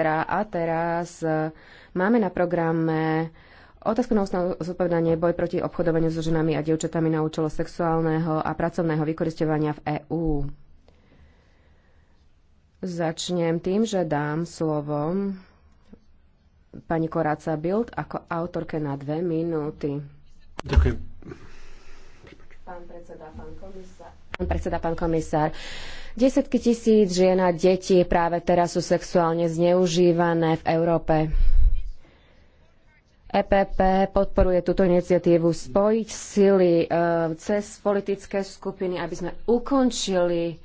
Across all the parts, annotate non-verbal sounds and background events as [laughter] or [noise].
Petra A teraz e, máme na programe Otázku na zodpovedanie boj proti obchodovaniu so ženami a dievčatami na účelo sexuálneho a pracovného vykoristovania v EÚ. Začnem tým, že dám slovo pani Koráca Bild ako autorke na dve minúty. Ďakujem. Pán predseda, pán komisár. Pán predseda, pán komisár. Desetky tisíc žien a detí práve teraz sú sexuálne zneužívané v Európe. EPP podporuje túto iniciatívu spojiť sily e, cez politické skupiny, aby sme ukončili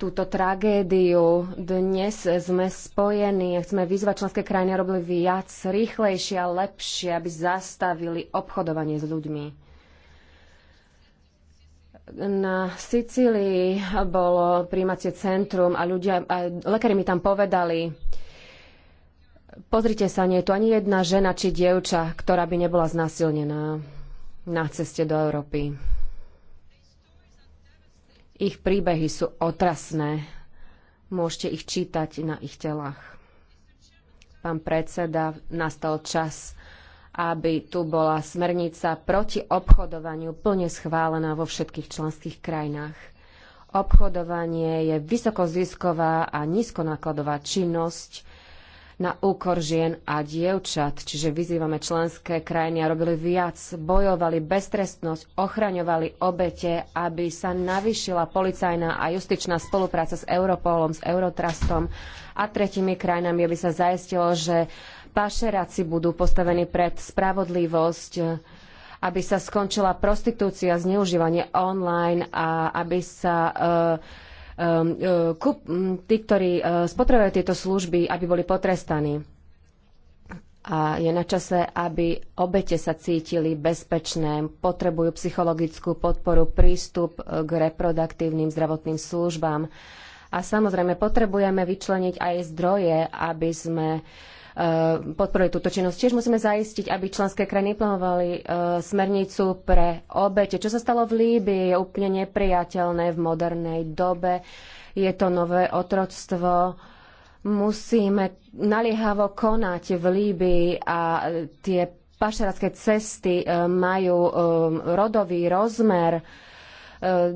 túto tragédiu. Dnes sme spojení a chceme vyzvať členské krajiny, robili viac, rýchlejšie a lepšie, aby zastavili obchodovanie s ľuďmi na Sicílii bolo príjmacie centrum a ľudia, a lekári mi tam povedali, pozrite sa, nie je tu ani jedna žena či dievča, ktorá by nebola znásilnená na ceste do Európy. Ich príbehy sú otrasné. Môžete ich čítať na ich telách. Pán predseda, nastal čas aby tu bola smernica proti obchodovaniu plne schválená vo všetkých členských krajinách. Obchodovanie je vysokozisková a nízkonákladová činnosť na úkor žien a dievčat, čiže vyzývame členské krajiny a robili viac, bojovali beztrestnosť, ochraňovali obete, aby sa navýšila policajná a justičná spolupráca s Europolom, s Eurotrustom a tretimi krajinami, aby sa zaistilo, že pašeráci budú postavení pred spravodlivosť, aby sa skončila prostitúcia, zneužívanie online a aby sa eh, eh, tí, ktorí eh, spotrebujú tieto služby, aby boli potrestaní. A je na čase, aby obete sa cítili bezpečné, potrebujú psychologickú podporu, prístup k reproduktívnym zdravotným službám. A samozrejme, potrebujeme vyčleniť aj zdroje, aby sme Eh, podporili túto činnosť. Tiež musíme zaistiť, aby členské krajiny plánovali eh, smernicu pre obete. Čo sa stalo v Líbii je úplne nepriateľné v modernej dobe. Je to nové otroctvo musíme naliehavo konať v Líbii a tie pašeracké cesty eh, majú rodový rozmer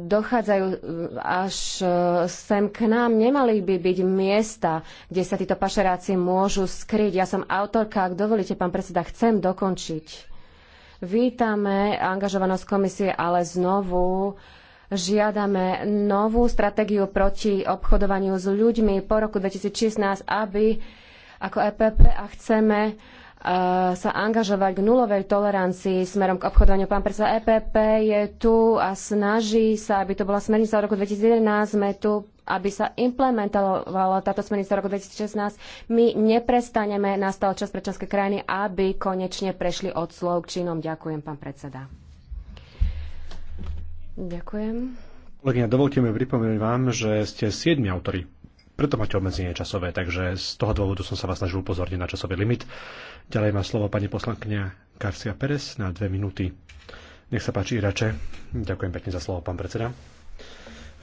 dochádzajú e, až e, sem k nám. Nemali by byť miesta, kde sa títo pašeráci môžu skryť. Ja som autorka, ak dovolíte, pán predseda, chcem dokončiť. Vítame angažovanosť komisie, ale znovu žiadame novú stratégiu proti obchodovaniu s ľuďmi po roku 2016, aby ako EPP a chceme Eh, sa angažovať k nulovej tolerancii smerom k obchodovaniu. Pán predseda EPP je tu a snaží sa, aby to bola smernica od roku 2011. Sme tu, aby sa implementovala táto smernica od roku 2016. My neprestaneme, nastal čas pre členské krajiny, aby konečne prešli od slov k činom. Ďakujem, pán predseda. Ďakujem. Kolegyňa, dovolte mi pripomenúť vám, že ste siedmi autori preto máte obmedzenie časové, takže z toho dôvodu som sa vás snažil upozorniť na časový limit. Ďalej má slovo pani poslankyňa Garcia Perez na dve minúty. Nech sa páči, Irače. Ďakujem pekne za slovo, pán predseda.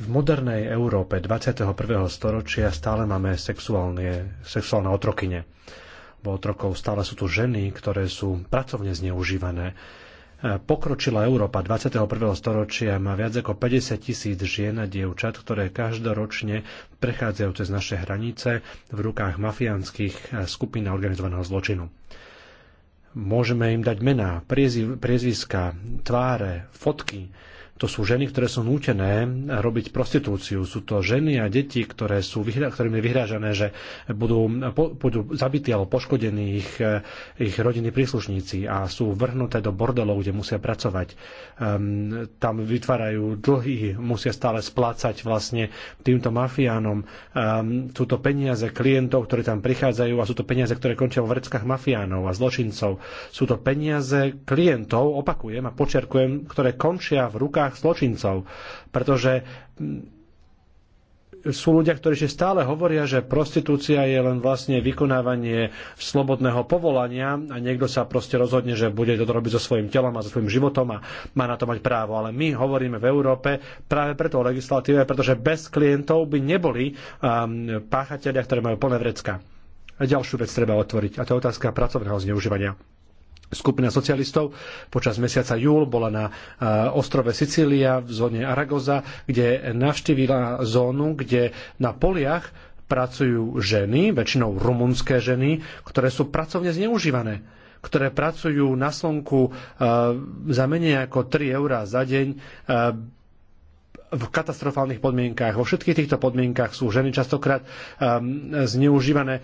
V modernej Európe 21. storočia stále máme sexuálne, sexuálne otrokyne. Bo otrokov stále sú tu ženy, ktoré sú pracovne zneužívané pokročila Európa 21. storočia má viac ako 50 tisíc žien a dievčat, ktoré každoročne prechádzajú cez naše hranice v rukách mafiánskych skupín organizovaného zločinu. Môžeme im dať mená, priezviska, tváre, fotky, to sú ženy, ktoré sú nútené robiť prostitúciu. Sú to ženy a deti, ktoré sú, ktorým je vyhrážané, že budú, po, budú zabití alebo poškodení ich, ich rodiny príslušníci a sú vrhnuté do bordelov, kde musia pracovať. Um, tam vytvárajú dlhy, musia stále splácať vlastne týmto mafiánom. Um, sú to peniaze klientov, ktorí tam prichádzajú a sú to peniaze, ktoré končia vo vreckách mafiánov a zločincov. Sú to peniaze klientov, opakujem a počerkujem, ktoré končia v rukách rukách zločincov. Pretože mm, sú ľudia, ktorí ešte stále hovoria, že prostitúcia je len vlastne vykonávanie slobodného povolania a niekto sa proste rozhodne, že bude to robiť so svojím telom a so svojím životom a má na to mať právo. Ale my hovoríme v Európe práve preto o legislatíve, pretože bez klientov by neboli um, páchatelia, ktorí majú plné vrecka. A ďalšiu vec treba otvoriť a to je otázka pracovného zneužívania Skupina socialistov počas mesiaca júl bola na eh, ostrove Sicília v zóne Aragoza, kde navštívila zónu, kde na poliach pracujú ženy, väčšinou rumunské ženy, ktoré sú pracovne zneužívané ktoré pracujú na slnku eh, za menej ako 3 eurá za deň eh, v katastrofálnych podmienkách. Vo všetkých týchto podmienkach sú ženy častokrát um, zneužívané um,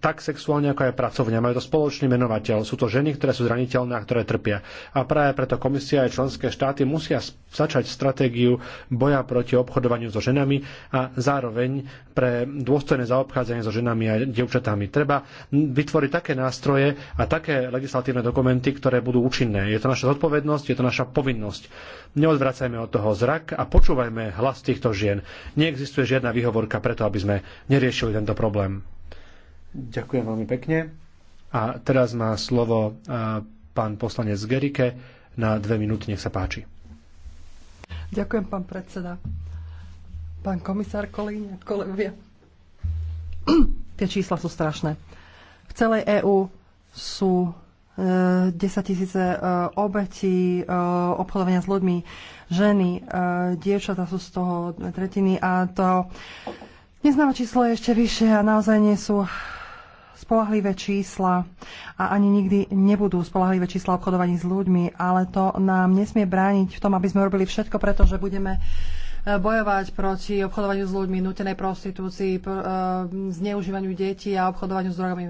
tak sexuálne, ako aj pracovne. Majú to spoločný menovateľ. Sú to ženy, ktoré sú zraniteľné a ktoré trpia. A práve preto komisia aj členské štáty musia začať stratégiu boja proti obchodovaniu so ženami a zároveň pre dôstojné zaobchádzanie so ženami a dievčatami. Treba vytvoriť také nástroje a také legislatívne dokumenty, ktoré budú účinné. Je to naša zodpovednosť, je to naša povinnosť. Neodvracajme od toho zrak, tak a počúvajme hlas týchto žien. Neexistuje žiadna výhovorka preto, aby sme neriešili tento problém. Ďakujem veľmi pekne. A teraz má slovo pán poslanec Gerike na dve minúty. Nech sa páči. Ďakujem, pán predseda. Pán komisár, kolegyne, kolegovia. Tie čísla sú strašné. V celej EÚ sú 10 eh, tisíce eh, obetí eh, obchodovania s ľuďmi, ženy, dievčatá sú z toho tretiny a to neznáme číslo je ešte vyššie a naozaj nie sú spolahlivé čísla a ani nikdy nebudú spolahlivé čísla obchodovaní s ľuďmi, ale to nám nesmie brániť v tom, aby sme robili všetko, pretože budeme bojovať proti obchodovaniu s ľuďmi, nutenej prostitúcii, e, zneužívaniu detí a obchodovaniu s drogami.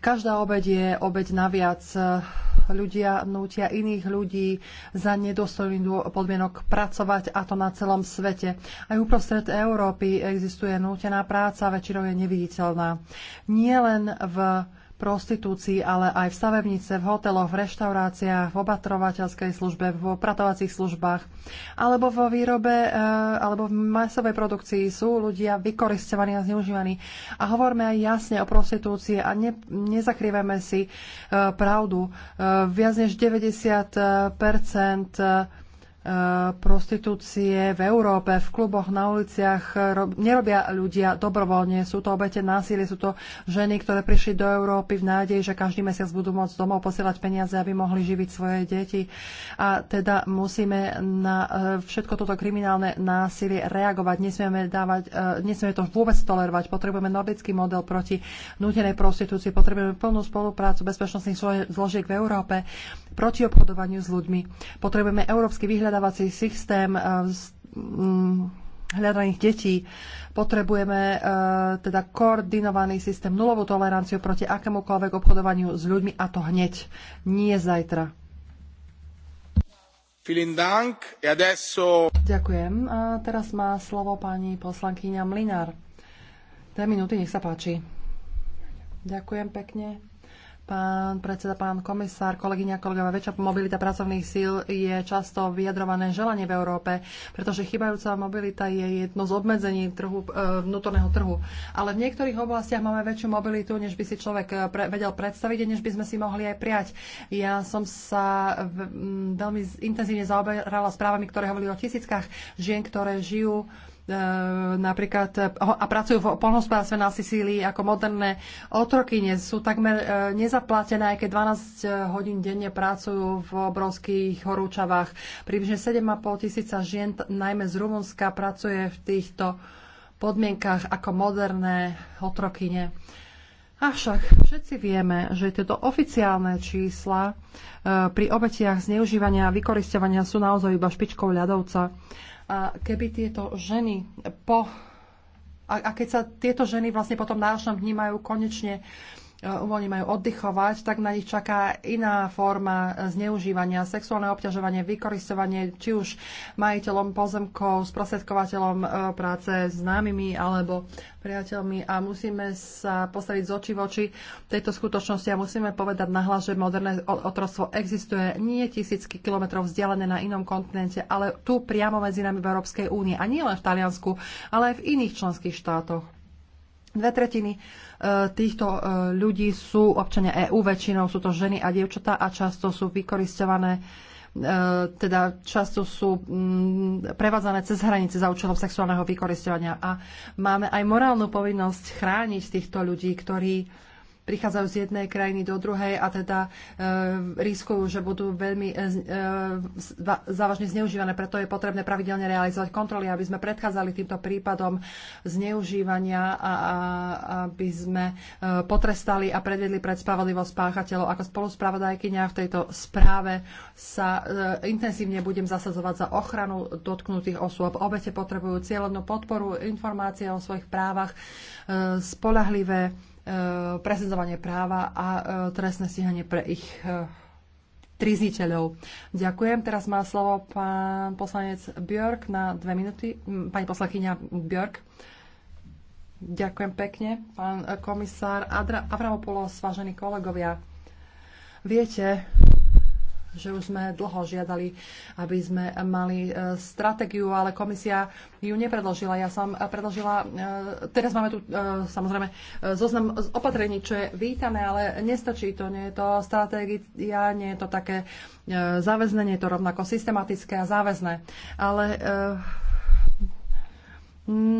Každá obeď je obeď naviac. Ľudia nútia iných ľudí za nedostojný podmienok pracovať a to na celom svete. Aj uprostred Európy existuje nútená práca, väčšinou je neviditeľná. Nie len v prostitúcii, ale aj v stavebnice, v hoteloch, v reštauráciách, v obatrovateľskej službe, v opratovacích službách alebo vo výrobe eh, alebo v masovej produkcii sú ľudia vykoristovaní a zneužívaní. A hovorme aj jasne o prostitúcii a ne, nezakrývame si eh, pravdu. Eh, viac než 90 Eh, prostitúcie v Európe, v kluboch, na uliciach eh, nerobia ľudia dobrovoľne. Sú to obete násilie, sú to ženy, ktoré prišli do Európy v nádeji, že každý mesiac budú môcť domov posielať peniaze, aby mohli živiť svoje deti. A teda musíme na eh, všetko toto kriminálne násilie reagovať. Nesmieme, dávať, nesmieme to vôbec tolerovať. Potrebujeme nordický model proti nutenej prostitúcii. Potrebujeme plnú spoluprácu bezpečnostných zložiek v Európe proti obchodovaniu s ľuďmi. Potrebujeme európsky vyhľadávací systém e, mm, hľadaných detí. Potrebujeme e, teda koordinovaný systém, nulovú toleranciu proti akémukoľvek obchodovaniu s ľuďmi a to hneď, nie zajtra. E Ďakujem. A e, teraz má slovo pani poslankyňa Mlinár. Dve minúty, nech sa páči. Ďakujem pekne. Pán predseda, pán komisár, kolegyňa, kolegová, väčšia mobilita pracovných síl je často vyjadrované želanie v Európe, pretože chybajúca mobilita je jedno z obmedzení trhu, e, vnútorného trhu. Ale v niektorých oblastiach máme väčšiu mobilitu, než by si človek e, pre, vedel predstaviť a než by sme si mohli aj prijať. Ja som sa v, m, veľmi intenzívne zaoberala správami, ktoré hovorili o tisíckach žien, ktoré žijú E, napríklad e, a pracujú v polnohospodárstve na Sicílii ako moderné otrokyne. Sú takmer e, nezaplatené, aj keď 12 hodín denne pracujú v obrovských horúčavách. Približne 7,5 tisíca žien, najmä z Rumunska, pracuje v týchto podmienkach ako moderné otrokyne. Avšak všetci vieme, že tieto oficiálne čísla pri obetiach zneužívania a vykoristovania sú naozaj iba špičkou ľadovca. A keby tieto ženy po a, a keď sa tieto ženy vlastne potom náročnom vnímajú konečne E, uvoľní majú oddychovať, tak na nich čaká iná forma zneužívania, sexuálne obťažovanie, vykoristovanie, či už majiteľom pozemkov, sprostredkovateľom e, práce, s známymi alebo priateľmi a musíme sa postaviť z očí v oči tejto skutočnosti a musíme povedať nahlas, že moderné otrostvo existuje nie tisícky kilometrov vzdialené na inom kontinente, ale tu priamo medzi nami v Európskej únie a nie len v Taliansku, ale aj v iných členských štátoch. Dve tretiny e, týchto e, ľudí sú občania EÚ, väčšinou sú to ženy a dievčatá a často sú vykoristované e, teda často sú mm, prevádzané cez hranice za účelom sexuálneho vykoristovania. A máme aj morálnu povinnosť chrániť týchto ľudí, ktorí prichádzajú z jednej krajiny do druhej a teda e, riskujú, že budú veľmi e, e, závažne zneužívané. Preto je potrebné pravidelne realizovať kontroly, aby sme predchádzali týmto prípadom zneužívania a, a aby sme e, potrestali a predvedli pred spravodlivosť páchateľov. Ako spoluspravodajkynia v tejto správe sa e, intenzívne budem zasadzovať za ochranu dotknutých osôb. Obete potrebujú cieľovnú podporu, informácie o svojich právach, e, spolahlivé E, presadzovanie práva a e, trestné stíhanie pre ich e, trizniteľov. Ďakujem. Teraz má slovo pán poslanec Björk na dve minúty. Pani poslankyňa Björk. Ďakujem pekne, pán komisár Avramopoulos, vážení kolegovia. Viete, že už sme dlho žiadali, aby sme mali e, stratégiu, ale komisia ju nepredložila. Ja som predložila, e, teraz máme tu e, samozrejme zoznam opatrení, čo je vítané, ale nestačí to, nie je to stratégia, nie je to také záväzné, nie je to rovnako systematické a záväzné. Ale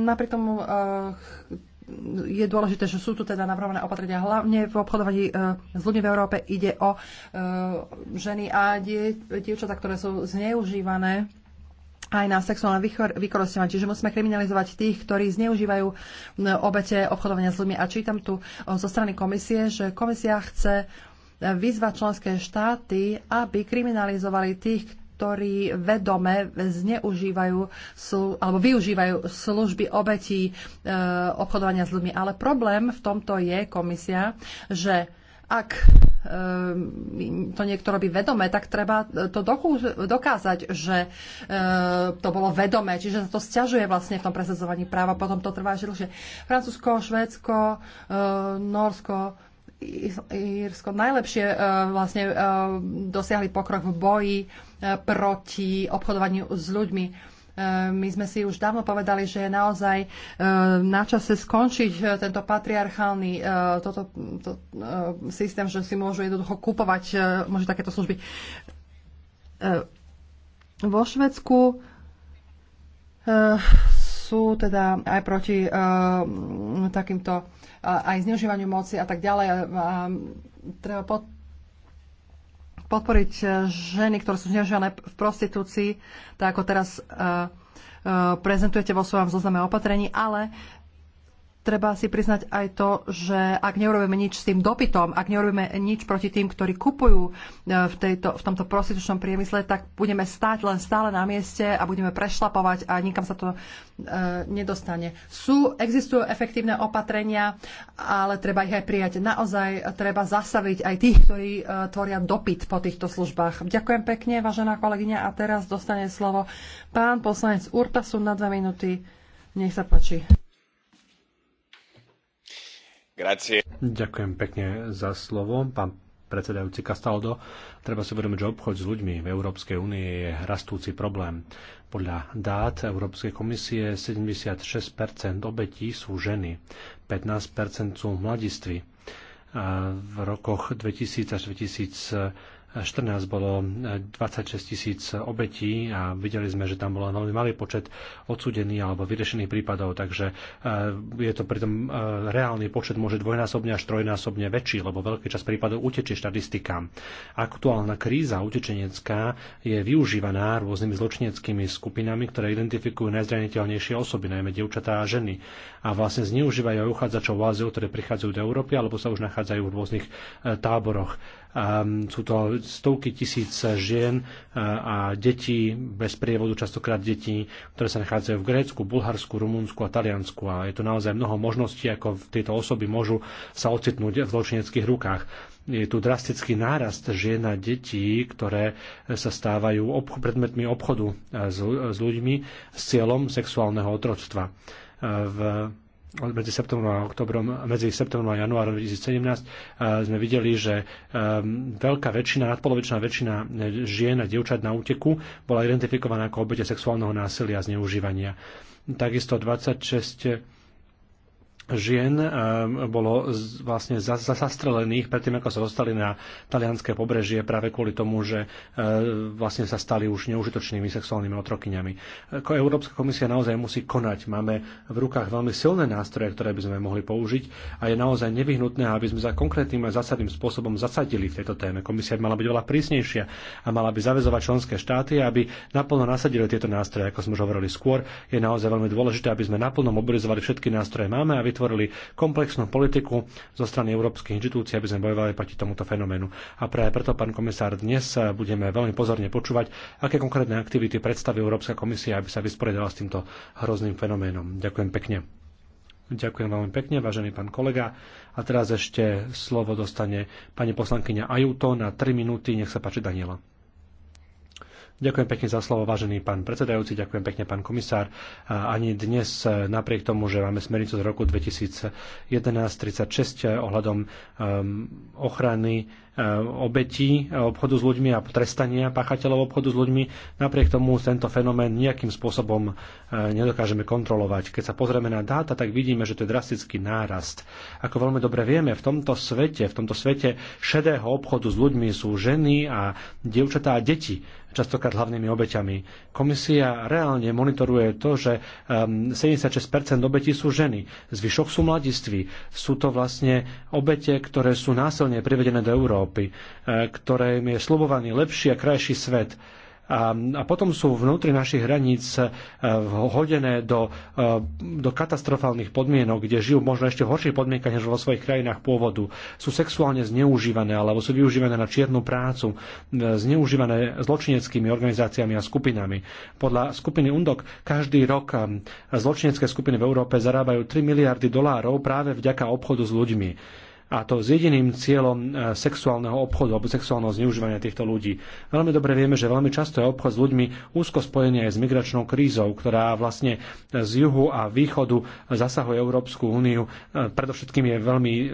napriek tomu je dôležité, že sú tu teda navrhované opatrenia. Hlavne v obchodovaní e, s ľuďmi v Európe ide o e, ženy a dievčatá, ktoré sú zneužívané aj na sexuálne vykoristovanie. Čiže musíme kriminalizovať tých, ktorí zneužívajú e, obete obchodovania s ľuďmi. A čítam tu zo strany komisie, že komisia chce vyzvať členské štáty, aby kriminalizovali tých, ktorí vedome zneužívajú alebo využívajú služby obetí e, obchodovania s ľuďmi. Ale problém v tomto je komisia, že ak e, to niekto robí vedome, tak treba to dokázať, že e, to bolo vedomé, čiže sa to stiažuje vlastne v tom presadzovaní práva, potom to trvá ešte dlhšie. Francúzsko, Švédsko, Norsko, Írsko najlepšie vlastne dosiahli pokrok v boji proti obchodovaniu s ľuďmi. E, my sme si už dávno povedali, že je naozaj e, na čase skončiť e, tento patriarchálny toto, to, systém, že si môžu jednoducho kupovať môžu takéto služby. Vo Švedsku sú teda aj proti takýmto aj zneužívaniu moci a tak ďalej. A treba pod, podporiť eh, ženy, ktoré sú zneužívané v prostitúcii, tak ako teraz eh, eh, prezentujete vo svojom zozname opatrení, ale treba si priznať aj to, že ak neurobíme nič s tým dopytom, ak neurobíme nič proti tým, ktorí kupujú e, v, tejto, v tomto prostitučnom priemysle, tak budeme stáť len stále na mieste a budeme prešlapovať a nikam sa to e, nedostane. Sú, existujú efektívne opatrenia, ale treba ich aj prijať. Naozaj treba zasaviť aj tých, ktorí e, tvoria dopyt po týchto službách. Ďakujem pekne, vážená kolegyňa. A teraz dostane slovo pán poslanec Urtasun na dve minúty. Nech sa páči. Grazie. Ďakujem pekne za slovo, pán predsedajúci Castaldo. Treba si uvedomiť, že obchod s ľuďmi v Európskej únie je rastúci problém. Podľa dát Európskej komisie 76 obetí sú ženy, 15 sú mladiství. V rokoch 2000 až 2000 2014 bolo 26 e, tisíc obetí a videli sme, že tam bol veľmi malý počet odsudených alebo vyriešených prípadov, takže e, je to pritom e, reálny počet môže dvojnásobne až trojnásobne väčší, lebo veľký čas prípadov utečie štatistikám. Aktuálna kríza utečenecká je využívaná rôznymi zločineckými skupinami, ktoré identifikujú najzraniteľnejšie osoby, najmä dievčatá a ženy a vlastne zneužívajú uchádzačov o azyl, ktoré prichádzajú do Európy alebo sa už nachádzajú v rôznych táboroch. Sú to stovky tisíc žien a detí bez prievodu, častokrát detí, ktoré sa nachádzajú v Grécku, Bulharsku, Rumunsku a Taliansku. A je tu naozaj mnoho možností, ako tieto osoby môžu sa ocitnúť v zločineckých rukách je tu drastický nárast žien a detí, ktoré sa stávajú obch- predmetmi obchodu s, s ľuďmi s cieľom sexuálneho otroctva. V medzi septembrom a oktobrom, medzi septembrom a januárom 2017 sme videli, že ehm, veľká väčšina, nadpolovičná väčšina e, žien a dievčat na úteku bola identifikovaná ako obete sexuálneho násilia a zneužívania. Takisto 26 žien eh, bolo vlastne zastrelených predtým, ako sa dostali na talianské pobrežie práve kvôli tomu, že eh, vlastne sa stali už neužitočnými sexuálnymi otrokyňami. Ako Európska komisia naozaj musí konať. Máme v rukách veľmi silné nástroje, ktoré by sme mohli použiť a je naozaj nevyhnutné, aby sme za konkrétnym a zásadným spôsobom zasadili v tejto téme. Komisia by mala byť veľa prísnejšia a mala by zavezovať členské štáty, aby naplno nasadili tieto nástroje, ako sme už hovorili skôr. Je naozaj veľmi dôležité, aby sme naplno mobilizovali všetky nástroje máme a vytvorili komplexnú politiku zo strany európskych inštitúcií, aby sme bojovali proti tomuto fenoménu. A práve preto, pán komisár, dnes budeme veľmi pozorne počúvať, aké konkrétne aktivity predstaví Európska komisia, aby sa vysporiadala s týmto hrozným fenoménom. Ďakujem pekne. Ďakujem veľmi pekne, vážený pán kolega. A teraz ešte slovo dostane pani poslankyňa Ajuto na 3 minúty. Nech sa páči, Daniela. Ďakujem pekne za slovo, vážený pán predsedajúci, ďakujem pekne, pán komisár. Ani dnes, e, napriek tomu, že máme smernicu z roku 2011-36 e, ohľadom e, ochrany obetí obchodu s ľuďmi a trestania páchateľov obchodu s ľuďmi, napriek tomu tento fenomén nejakým spôsobom nedokážeme kontrolovať. Keď sa pozrieme na dáta, tak vidíme, že to je drastický nárast. Ako veľmi dobre vieme, v tomto svete, v tomto svete šedého obchodu s ľuďmi sú ženy a dievčatá a deti častokrát hlavnými obeťami. Komisia reálne monitoruje to, že 76 um, obetí sú ženy, zvyšok sú mladiství. Sú to vlastne obete, ktoré sú násilne privedené do Európy, eh, ktoré je slobovaný lepší a krajší svet a, a potom sú vnútri našich hraníc e, hodené do, e, do katastrofálnych podmienok, kde žijú možno ešte v horších podmienkach než vo svojich krajinách pôvodu. Sú sexuálne zneužívané alebo sú využívané na čiernu prácu, e, zneužívané zločineckými organizáciami a skupinami. Podľa skupiny UNDOC každý rok zločinecké skupiny v Európe zarábajú 3 miliardy dolárov práve vďaka obchodu s ľuďmi a to s jediným cieľom e, sexuálneho obchodu alebo sexuálneho zneužívania týchto ľudí. Veľmi dobre vieme, že veľmi často je obchod s ľuďmi úzko spojený aj s migračnou krízou, ktorá vlastne z juhu a východu zasahuje Európsku úniu. E, predovšetkým je veľmi e,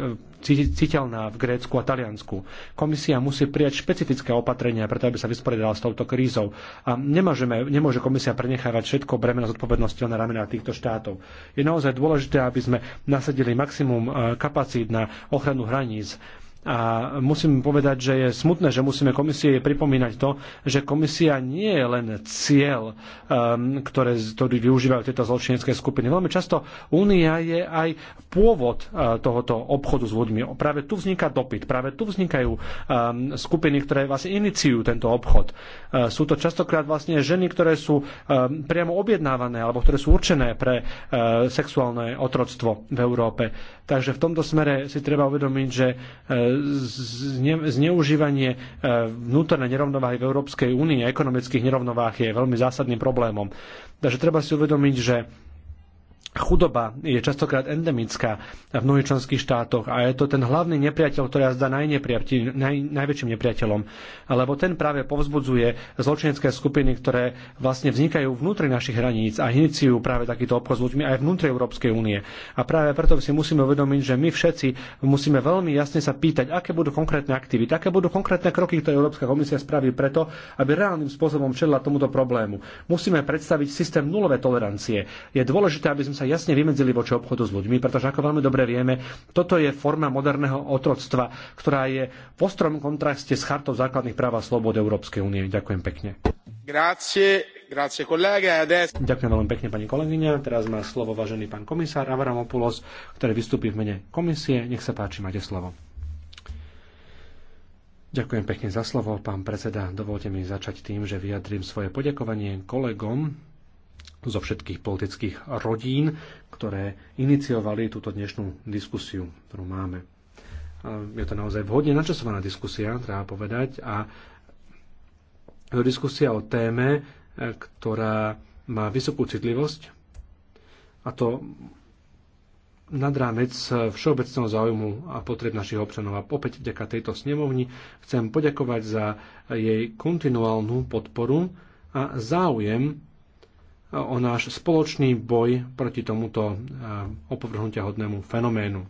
citeľná v Grécku a Taliansku. Komisia musí prijať špecifické opatrenia, preto aby sa vysporiadala s touto krízou. A nemôžeme, nemôže komisia prenechávať všetko bremeno zodpovednosti na ramena týchto štátov. Je naozaj dôležité, aby sme nasadili maximum eh, kapacít na ochranu hraníc a musím povedať, že je smutné, že musíme komisie pripomínať to, že komisia nie je len cieľ, um, ktoré, ktorý využívajú tieto zločinecké skupiny. Veľmi často únia je aj pôvod uh, tohoto obchodu s ľuďmi. Práve tu vzniká dopyt, práve tu vznikajú um, skupiny, ktoré vlastne iniciujú tento obchod. Uh, sú to častokrát vlastne ženy, ktoré sú um, priamo objednávané alebo ktoré sú určené pre uh, sexuálne otroctvo v Európe. Takže v tomto smere si treba uvedomiť, že uh, zneužívanie e, vnútornej nerovnováhy v Európskej únii a ekonomických nerovnováh je veľmi zásadným problémom. Takže treba si uvedomiť, že Chudoba je častokrát endemická v mnohých členských štátoch a je to ten hlavný nepriateľ, ktorý ja zdá najnepriateľ, naj, najväčším nepriateľom. Lebo ten práve povzbudzuje zločinecké skupiny, ktoré vlastne vznikajú vnútri našich hraníc a iniciujú práve takýto obchod s ľuďmi aj vnútri Európskej únie. A práve preto si musíme uvedomiť, že my všetci musíme veľmi jasne sa pýtať, aké budú konkrétne aktivity, aké budú konkrétne kroky, ktoré Európska komisia spraví preto, aby reálnym spôsobom čelila tomuto problému. Musíme predstaviť systém nulové tolerancie. Je dôležité, aby sme sa jasne vymedzili voči obchodu s ľuďmi, pretože ako veľmi dobre vieme, toto je forma moderného otroctva, ktorá je v ostrom kontraste s chartou základných práv a slobod Európskej únie. Ďakujem pekne. Grazie, grazie kolega. Ďakujem veľmi pekne, pani kolegyňa. Teraz má slovo vážený pán komisár Avramopoulos, ktorý vystúpi v mene komisie. Nech sa páči, máte slovo. Ďakujem pekne za slovo, pán predseda. Dovolte mi začať tým, že vyjadrím svoje poďakovanie kolegom zo všetkých politických rodín, ktoré iniciovali túto dnešnú diskusiu, ktorú máme. Je to naozaj vhodne načasovaná diskusia, treba povedať, a je to diskusia o téme, e, ktorá má vysokú citlivosť, a to nad rámec všeobecného záujmu a potreb našich občanov. A opäť vďaka tejto snemovni chcem poďakovať za jej kontinuálnu podporu a záujem o náš spoločný boj proti tomuto e, opovrhnutia hodnému fenoménu.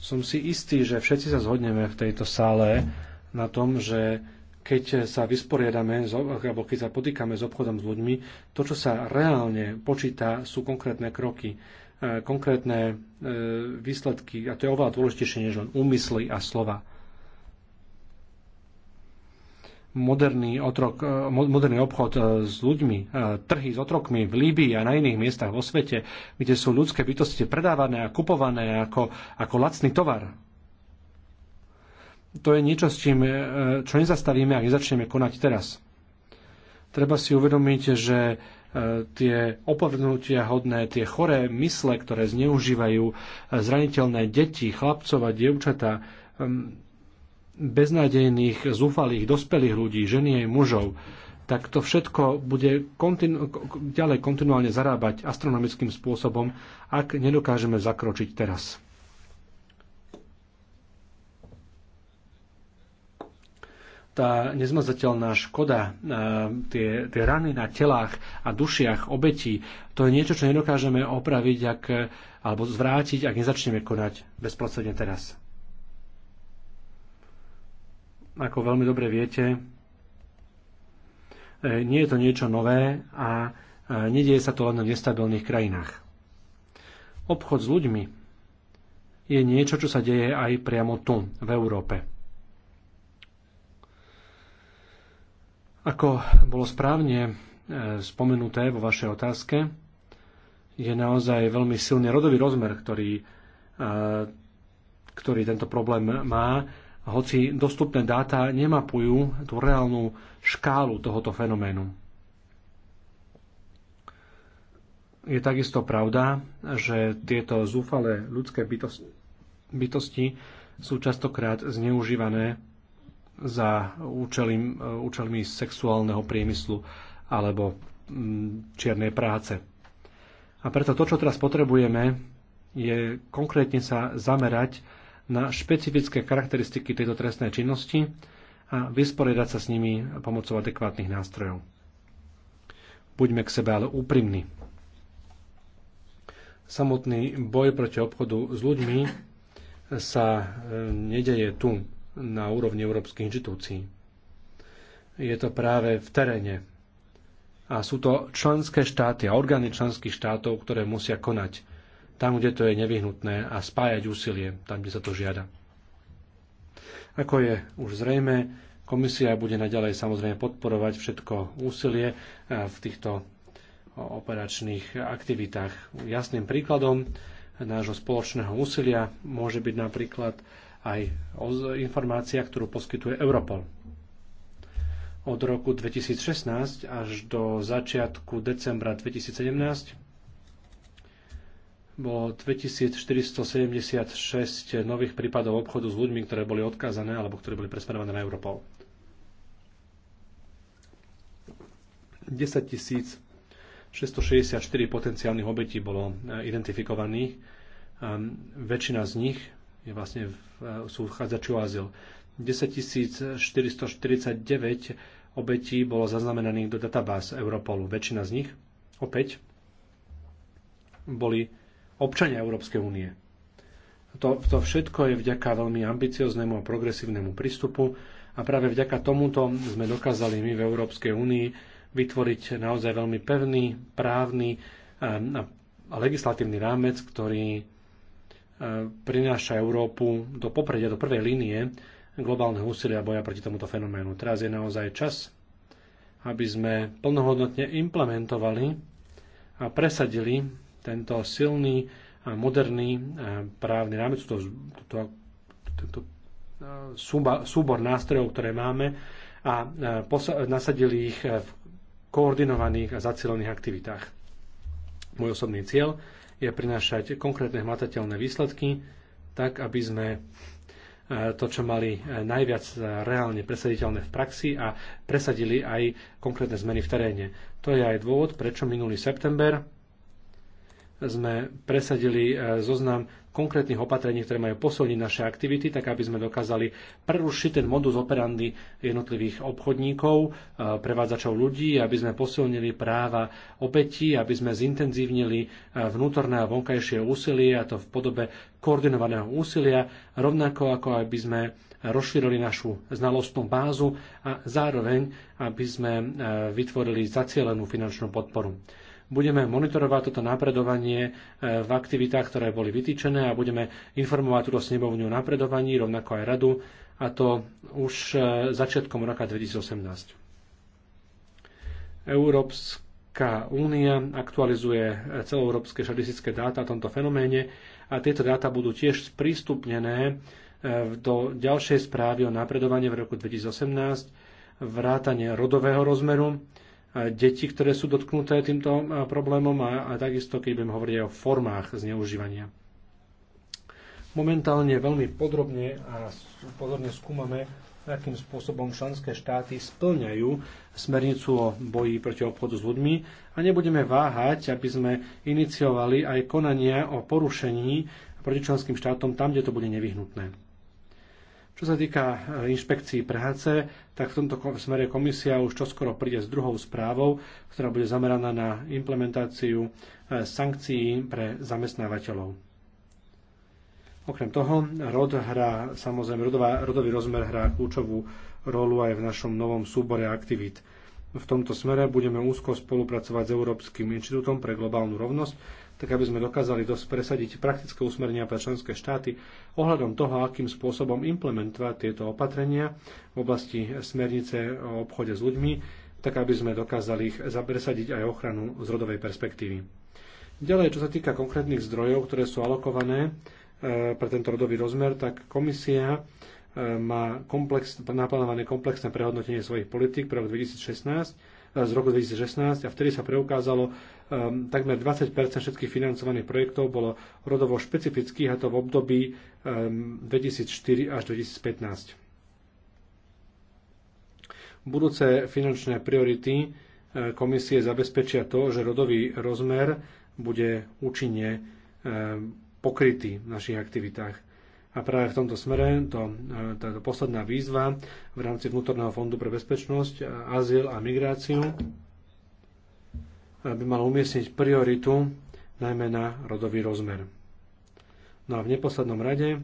Som si istý, že všetci sa zhodneme v tejto sále na tom, že keď sa vysporiadame, alebo keď sa potýkame s obchodom s ľuďmi, to, čo sa reálne počíta, sú konkrétne kroky, e, konkrétne e, výsledky a to je oveľa dôležitejšie než len úmysly a slova moderný, otrok, eh, moderný obchod eh, s ľuďmi, eh, trhy s otrokmi v Líbii a na iných miestach vo svete, kde sú ľudské bytosti predávané a kupované ako, ako lacný tovar. To je niečo, s čím, čo nezastavíme, ak nezačneme konať teraz. Treba si uvedomiť, že tie opovrhnutia hodné, tie choré mysle, ktoré zneužívajú zraniteľné deti, chlapcov a dievčatá, ehm, beznádejných, zúfalých, dospelých ľudí, ženy aj mužov, tak to všetko bude kontinu- ďalej kontinuálne zarábať astronomickým spôsobom, ak nedokážeme zakročiť teraz. tá nezmazateľná škoda, tie, tie rany na telách a dušiach obetí, to je niečo, čo nedokážeme opraviť ak, alebo zvrátiť, ak nezačneme konať bezprostredne teraz ako veľmi dobre viete, e, nie je to niečo nové a e, nedieje sa to len v nestabilných krajinách. Obchod s ľuďmi je niečo, čo sa deje aj priamo tu, v Európe. Ako bolo správne e, spomenuté vo vašej otázke, je naozaj veľmi silný rodový rozmer, ktorý, ktorý tento problém má hoci dostupné dáta nemapujú tú reálnu škálu tohoto fenoménu. Je takisto pravda, že tieto zúfalé ľudské bytosti, bytosti sú častokrát zneužívané za účelím, účelmi sexuálneho priemyslu alebo mm, čiernej práce. A preto to, čo teraz potrebujeme, je konkrétne sa zamerať na špecifické charakteristiky tejto trestnej činnosti a vysporiadať sa s nimi pomocou adekvátnych nástrojov. Buďme k sebe ale úprimní. Samotný boj proti obchodu s ľuďmi sa e, nedeje tu, na úrovni európskych inštitúcií. Je to práve v teréne. A sú to členské štáty a orgány členských štátov, ktoré musia konať tam, kde to je nevyhnutné a spájať úsilie tam, kde sa to žiada. Ako je už zrejme, komisia bude naďalej samozrejme podporovať všetko úsilie e, v týchto operačných aktivitách. Jasným príkladom nášho spoločného úsilia môže byť napríklad aj informácia, ktorú poskytuje Europol. Od roku 2016 až do začiatku decembra 2017 bolo 2476 nových prípadov obchodu s ľuďmi, ktoré boli odkázané alebo ktoré boli presmerované na Europol. 10 664 potenciálnych obetí bolo eh, identifikovaných. Väčšina z nich je vlastne v, eh, sú vchádzači o azyl. 10 449 obetí bolo zaznamenaných do databáz Europolu. Väčšina z nich opäť boli občania Európskej únie. To, to všetko je vďaka veľmi ambicioznému a progresívnemu prístupu a práve vďaka tomuto sme dokázali my v Európskej únii vytvoriť naozaj veľmi pevný právny eh, a legislatívny rámec, ktorý eh, prináša Európu do popredia, do prvej línie globálneho úsilia boja proti tomuto fenoménu. Teraz je naozaj čas, aby sme plnohodnotne implementovali a presadili tento silný a moderný e, právny rámec, to, túto, e, súba, súbor nástrojov, ktoré máme a e, nasadili ich v koordinovaných a zacielených aktivitách. Môj osobný cieľ je prinášať konkrétne hmatateľné výsledky, tak aby sme to, čo mali najviac reálne presaditeľné v praxi a presadili aj konkrétne zmeny v teréne. To je aj dôvod, prečo minulý september sme presadili e, zoznam konkrétnych opatrení, ktoré majú posilniť naše aktivity, tak aby sme dokázali prerušiť ten modus operandi jednotlivých obchodníkov, e, prevádzačov ľudí, aby sme posilnili práva obetí, aby sme zintenzívnili e, vnútorné a vonkajšie úsilie, a to v podobe koordinovaného úsilia, rovnako ako aby sme rozšírili našu znalostnú bázu a zároveň, aby sme vytvorili zacielenú finančnú podporu budeme monitorovať toto napredovanie e, v aktivitách, ktoré boli vytýčené a budeme informovať túto snemovňu o napredovaní, rovnako aj radu, a to už e, začiatkom roka 2018. Európska únia aktualizuje e, celoeurópske štatistické dáta o tomto fenoméne a tieto dáta budú tiež sprístupnené do ďalšej správy o napredovaní v roku 2018, vrátanie rodového rozmeru detí, ktoré sú dotknuté týmto e, problémom a, a takisto, keď budem hovoriť aj o formách zneužívania. Momentálne veľmi podrobne a pozorne skúmame, akým spôsobom členské štáty splňajú smernicu o boji proti obchodu s ľuďmi a nebudeme váhať, aby sme iniciovali aj konania o porušení proti členským štátom tam, kde to bude nevyhnutné. Čo sa týka e, inšpekcií práce, tak v tomto smere komisia už čoskoro príde s druhou správou, ktorá bude zameraná na implementáciu e, sankcií pre zamestnávateľov. Okrem toho, rod hrá, samozrejme, rodová, rodový rozmer hrá kľúčovú rolu aj v našom novom súbore aktivít. V tomto smere budeme úzko spolupracovať s Európskym inštitútom pre globálnu rovnosť, tak aby sme dokázali dosť presadiť praktické usmernia pre členské štáty ohľadom toho, akým spôsobom implementovať tieto opatrenia v oblasti smernice o obchode s ľuďmi, tak aby sme dokázali ich presadiť aj ochranu z rodovej perspektívy. Ďalej, čo sa týka konkrétnych zdrojov, ktoré sú alokované e, pre tento rodový rozmer, tak komisia e, má komplex, naplánované komplexné prehodnotenie svojich politík pre rok 2016 z roku 2016 a vtedy sa preukázalo, um, takmer 20 všetkých financovaných projektov bolo rodovo špecifických a to v období um, 2004 až 2015. Budúce finančné priority uh, komisie zabezpečia to, že rodový rozmer bude účinne um, pokrytý v našich aktivitách. A práve v tomto smere to, e, táto posledná výzva v rámci Vnútorného fondu pre bezpečnosť, e, azyl a migráciu by mal umiestniť prioritu najmä na rodový rozmer. No a v neposlednom rade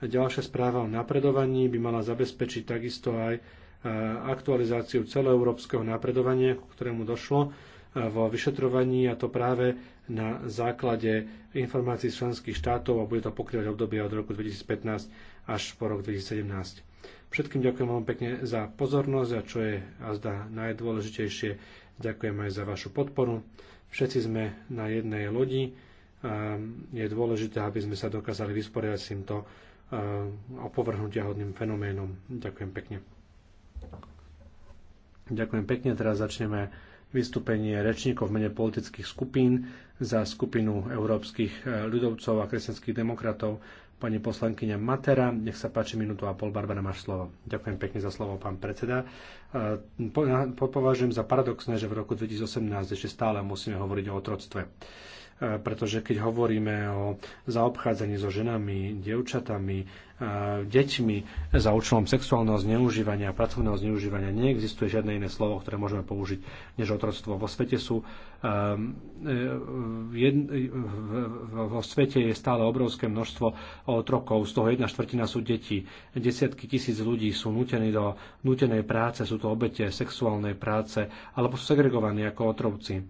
ďalšia správa o napredovaní by mala zabezpečiť takisto aj e, aktualizáciu celoeurópskeho napredovania, ku ktorému došlo vo vyšetrovaní a to práve na základe informácií z členských štátov a bude to pokrývať obdobie od roku 2015 až po rok 2017. Všetkým ďakujem veľmi pekne za pozornosť a čo je a zdá najdôležitejšie, ďakujem aj za vašu podporu. Všetci sme na jednej lodi. Je dôležité, aby sme sa dokázali vysporiadať s týmto opovrhnutia hodným fenoménom. Ďakujem pekne. Ďakujem pekne, teraz začneme vystúpenie rečníkov v mene politických skupín za skupinu európskych e, ľudovcov a kresťanských demokratov pani poslankyňa Matera. Nech sa páči minútu a pol, Barbara, máš slovo. Ďakujem pekne za slovo, pán predseda. E, považujem za paradoxné, že v roku 2018 ešte stále musíme hovoriť o otroctve e, pretože keď hovoríme o zaobchádzaní so ženami, dievčatami, deťmi za účelom sexuálneho zneužívania, a pracovného zneužívania. Neexistuje žiadne iné slovo, ktoré môžeme použiť než otroctvo. Vo svete sú e, vo svete je stále obrovské množstvo otrokov, z toho jedna štvrtina sú deti. Desiatky tisíc ľudí sú nutení do nutenej práce, sú to obete sexuálnej práce, alebo sú segregovaní ako otrovci.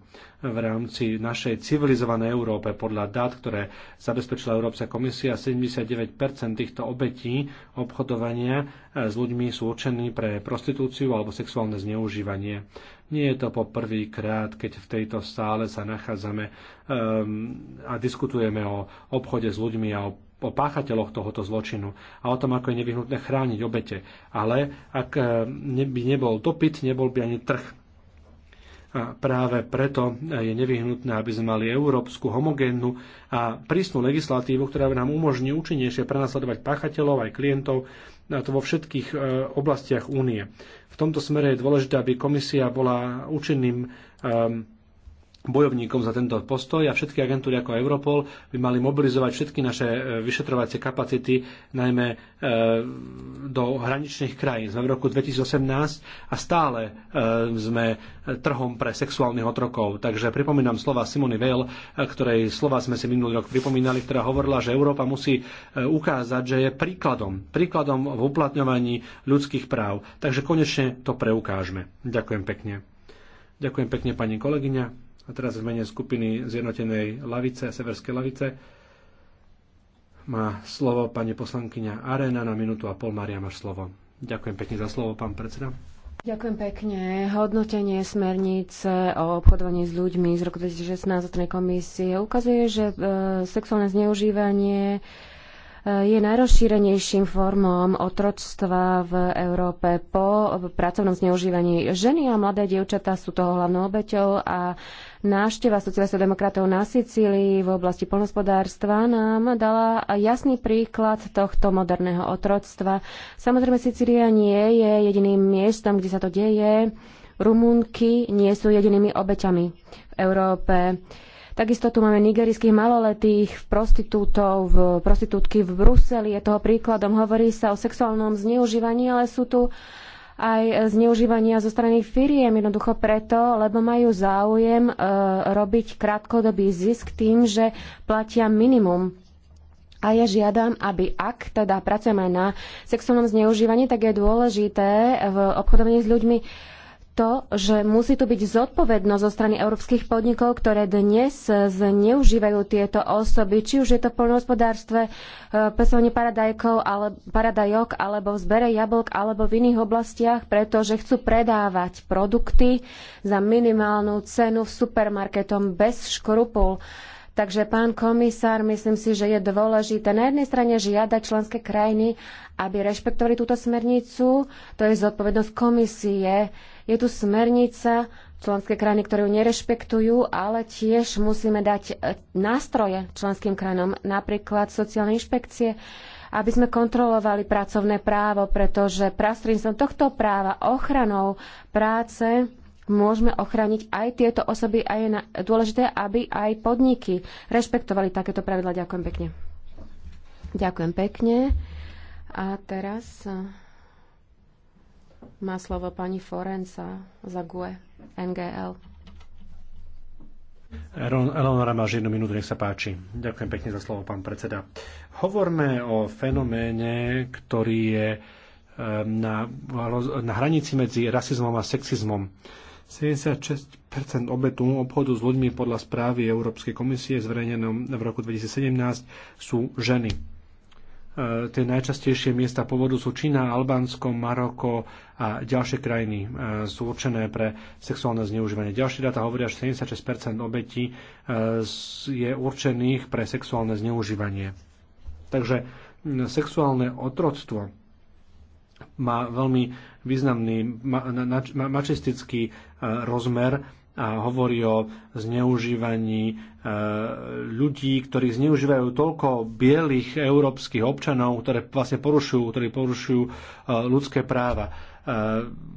V rámci našej civilizovanej Európe podľa dát, ktoré zabezpečila Európska komisia, 79% týchto obetí obetí obchodovania e, s ľuďmi sú určení pre prostitúciu alebo sexuálne zneužívanie. Nie je to po prvý krát, keď v tejto sále sa nachádzame ehm, a diskutujeme o obchode s ľuďmi a o o páchateľoch tohoto zločinu a o tom, ako je nevyhnutné chrániť obete. Ale ak e, by nebol dopyt, nebol by ani trh a práve preto je nevyhnutné, aby sme mali európsku, homogénnu a prísnu legislatívu, ktorá by nám umožní účinnejšie prenasledovať páchateľov aj klientov, a to vo všetkých e, oblastiach únie. V tomto smere je dôležité, aby komisia bola účinným um, bojovníkom za tento postoj a všetky agentúry ako Europol by mali mobilizovať všetky naše e, vyšetrovacie kapacity, najmä e, do hraničných krajín. Sme v roku 2018 a stále e, sme trhom pre sexuálnych otrokov. Takže pripomínam slova Simony Veil, ktorej slova sme si minulý rok pripomínali, ktorá hovorila, že Európa musí ukázať, že je príkladom, príkladom v uplatňovaní ľudských práv. Takže konečne to preukážme. Ďakujem pekne. Ďakujem pekne pani kolegyňa a teraz v mene skupiny zjednotenej lavice, severskej lavice, má slovo pani poslankyňa Arena na minútu a pol. Maria, máš slovo. Ďakujem pekne za slovo, pán predseda. Ďakujem pekne. Hodnotenie smernice o obchodovaní s ľuďmi z roku 2016 komisie ukazuje, že e, sexuálne zneužívanie e, je najrozšírenejším formom otroctva v Európe po pracovnom zneužívaní. Ženy a mladé dievčatá sú toho hlavnou obeťou a návšteva socialistov demokratov na Sicílii v oblasti polnospodárstva nám dala jasný príklad tohto moderného otroctva. Samozrejme, Sicília nie je jediným miestom, kde sa to deje. Rumunky nie sú jedinými obeťami v Európe. Takisto tu máme nigerijských maloletých, prostitútov, v, prostitútky v Bruseli. Je toho príkladom. Hovorí sa o sexuálnom zneužívaní, ale sú tu aj zneužívania zo strany firiem, jednoducho preto, lebo majú záujem e, robiť krátkodobý zisk tým, že platia minimum. A ja žiadam, aby ak teda pracujeme na sexuálnom zneužívaní, tak je dôležité v obchodovaní s ľuďmi to, že musí tu byť zodpovednosť zo strany európskych podnikov, ktoré dnes zneužívajú tieto osoby, či už je to v poľnohospodárstve, e, pesovne paradajkov, ale, paradajok, alebo v zbere jablk, alebo v iných oblastiach, pretože chcú predávať produkty za minimálnu cenu v supermarketom bez škrupul. Takže, pán komisár, myslím si, že je dôležité na jednej strane žiadať členské krajiny, aby rešpektovali túto smernicu. To je zodpovednosť komisie. Je tu smernica, členské krajiny, ktoré ju nerešpektujú, ale tiež musíme dať e, nástroje členským krajinom, napríklad sociálne inšpekcie, aby sme kontrolovali pracovné právo, pretože prostredníctvom tohto práva ochranou práce môžeme ochrániť aj tieto osoby a je na, dôležité, aby aj podniky rešpektovali takéto pravidla. Ďakujem pekne. Ďakujem pekne. A teraz eh, má slovo pani Forenca za GUE NGL. Eleonora máš jednu minútu, nech sa páči. Ďakujem pekne za slovo, pán predseda. Hovorme o fenoméne, ktorý je eh, na, na hranici medzi rasizmom a sexizmom 76 obetu obchodu s ľuďmi podľa správy Európskej komisie zverejnenom v roku 2017 sú ženy. E, tie najčastejšie miesta povodu sú Čína, Albánsko, Maroko a ďalšie krajiny e, sú určené pre sexuálne zneužívanie. Ďalšie dáta hovoria, že 76 obetí e, je určených pre sexuálne zneužívanie. Takže sexuálne otroctvo má veľmi významný mačistický e, rozmer a hovorí o zneužívaní e, ľudí, ktorí zneužívajú toľko bielých európskych občanov, ktoré vlastne porušujú, ktorí porušujú e, ľudské práva.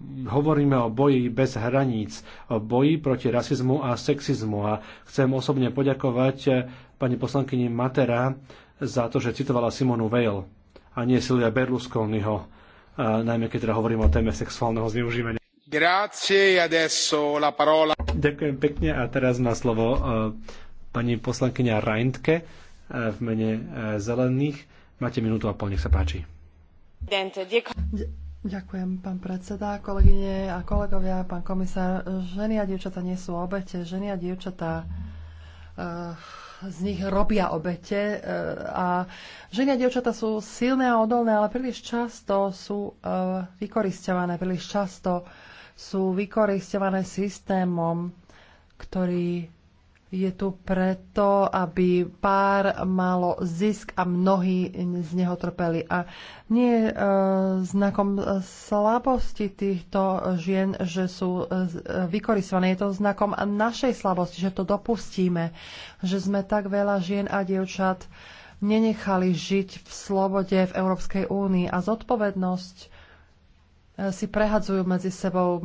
Hovoríme o boji bez hraníc, o boji proti rasizmu a sexizmu a chcem osobne poďakovať pani poslankyni Matera za to, že citovala Simonu Weil a nie Silvia Berlusconiho najmä keď teda hovorím o téme sexuálneho zneužívania. Grazie, e adesso la parola. Ďakujem pekne a teraz má slovo e, pani poslankyňa Reintke e, v mene zelených. Máte minútu a pol, nech sa páči. Ďakujem, pán predseda, kolegyne a kolegovia, pán komisár. Ženy a dievčatá nie sú obete. Ženy a dievčatá Eh, z nich robia obete eh, a ženy a dievčata sú silné a odolné, ale príliš často sú eh, vykoristované, príliš často sú vykoristované systémom, ktorý je tu preto, aby pár malo zisk a mnohí z neho trpeli. A nie je e, znakom slabosti týchto žien, že sú e, e, vykorisované. Je to znakom našej slabosti, že to dopustíme, že sme tak veľa žien a dievčat nenechali žiť v slobode v Európskej únii. A zodpovednosť Eh, si prehadzujú medzi sebou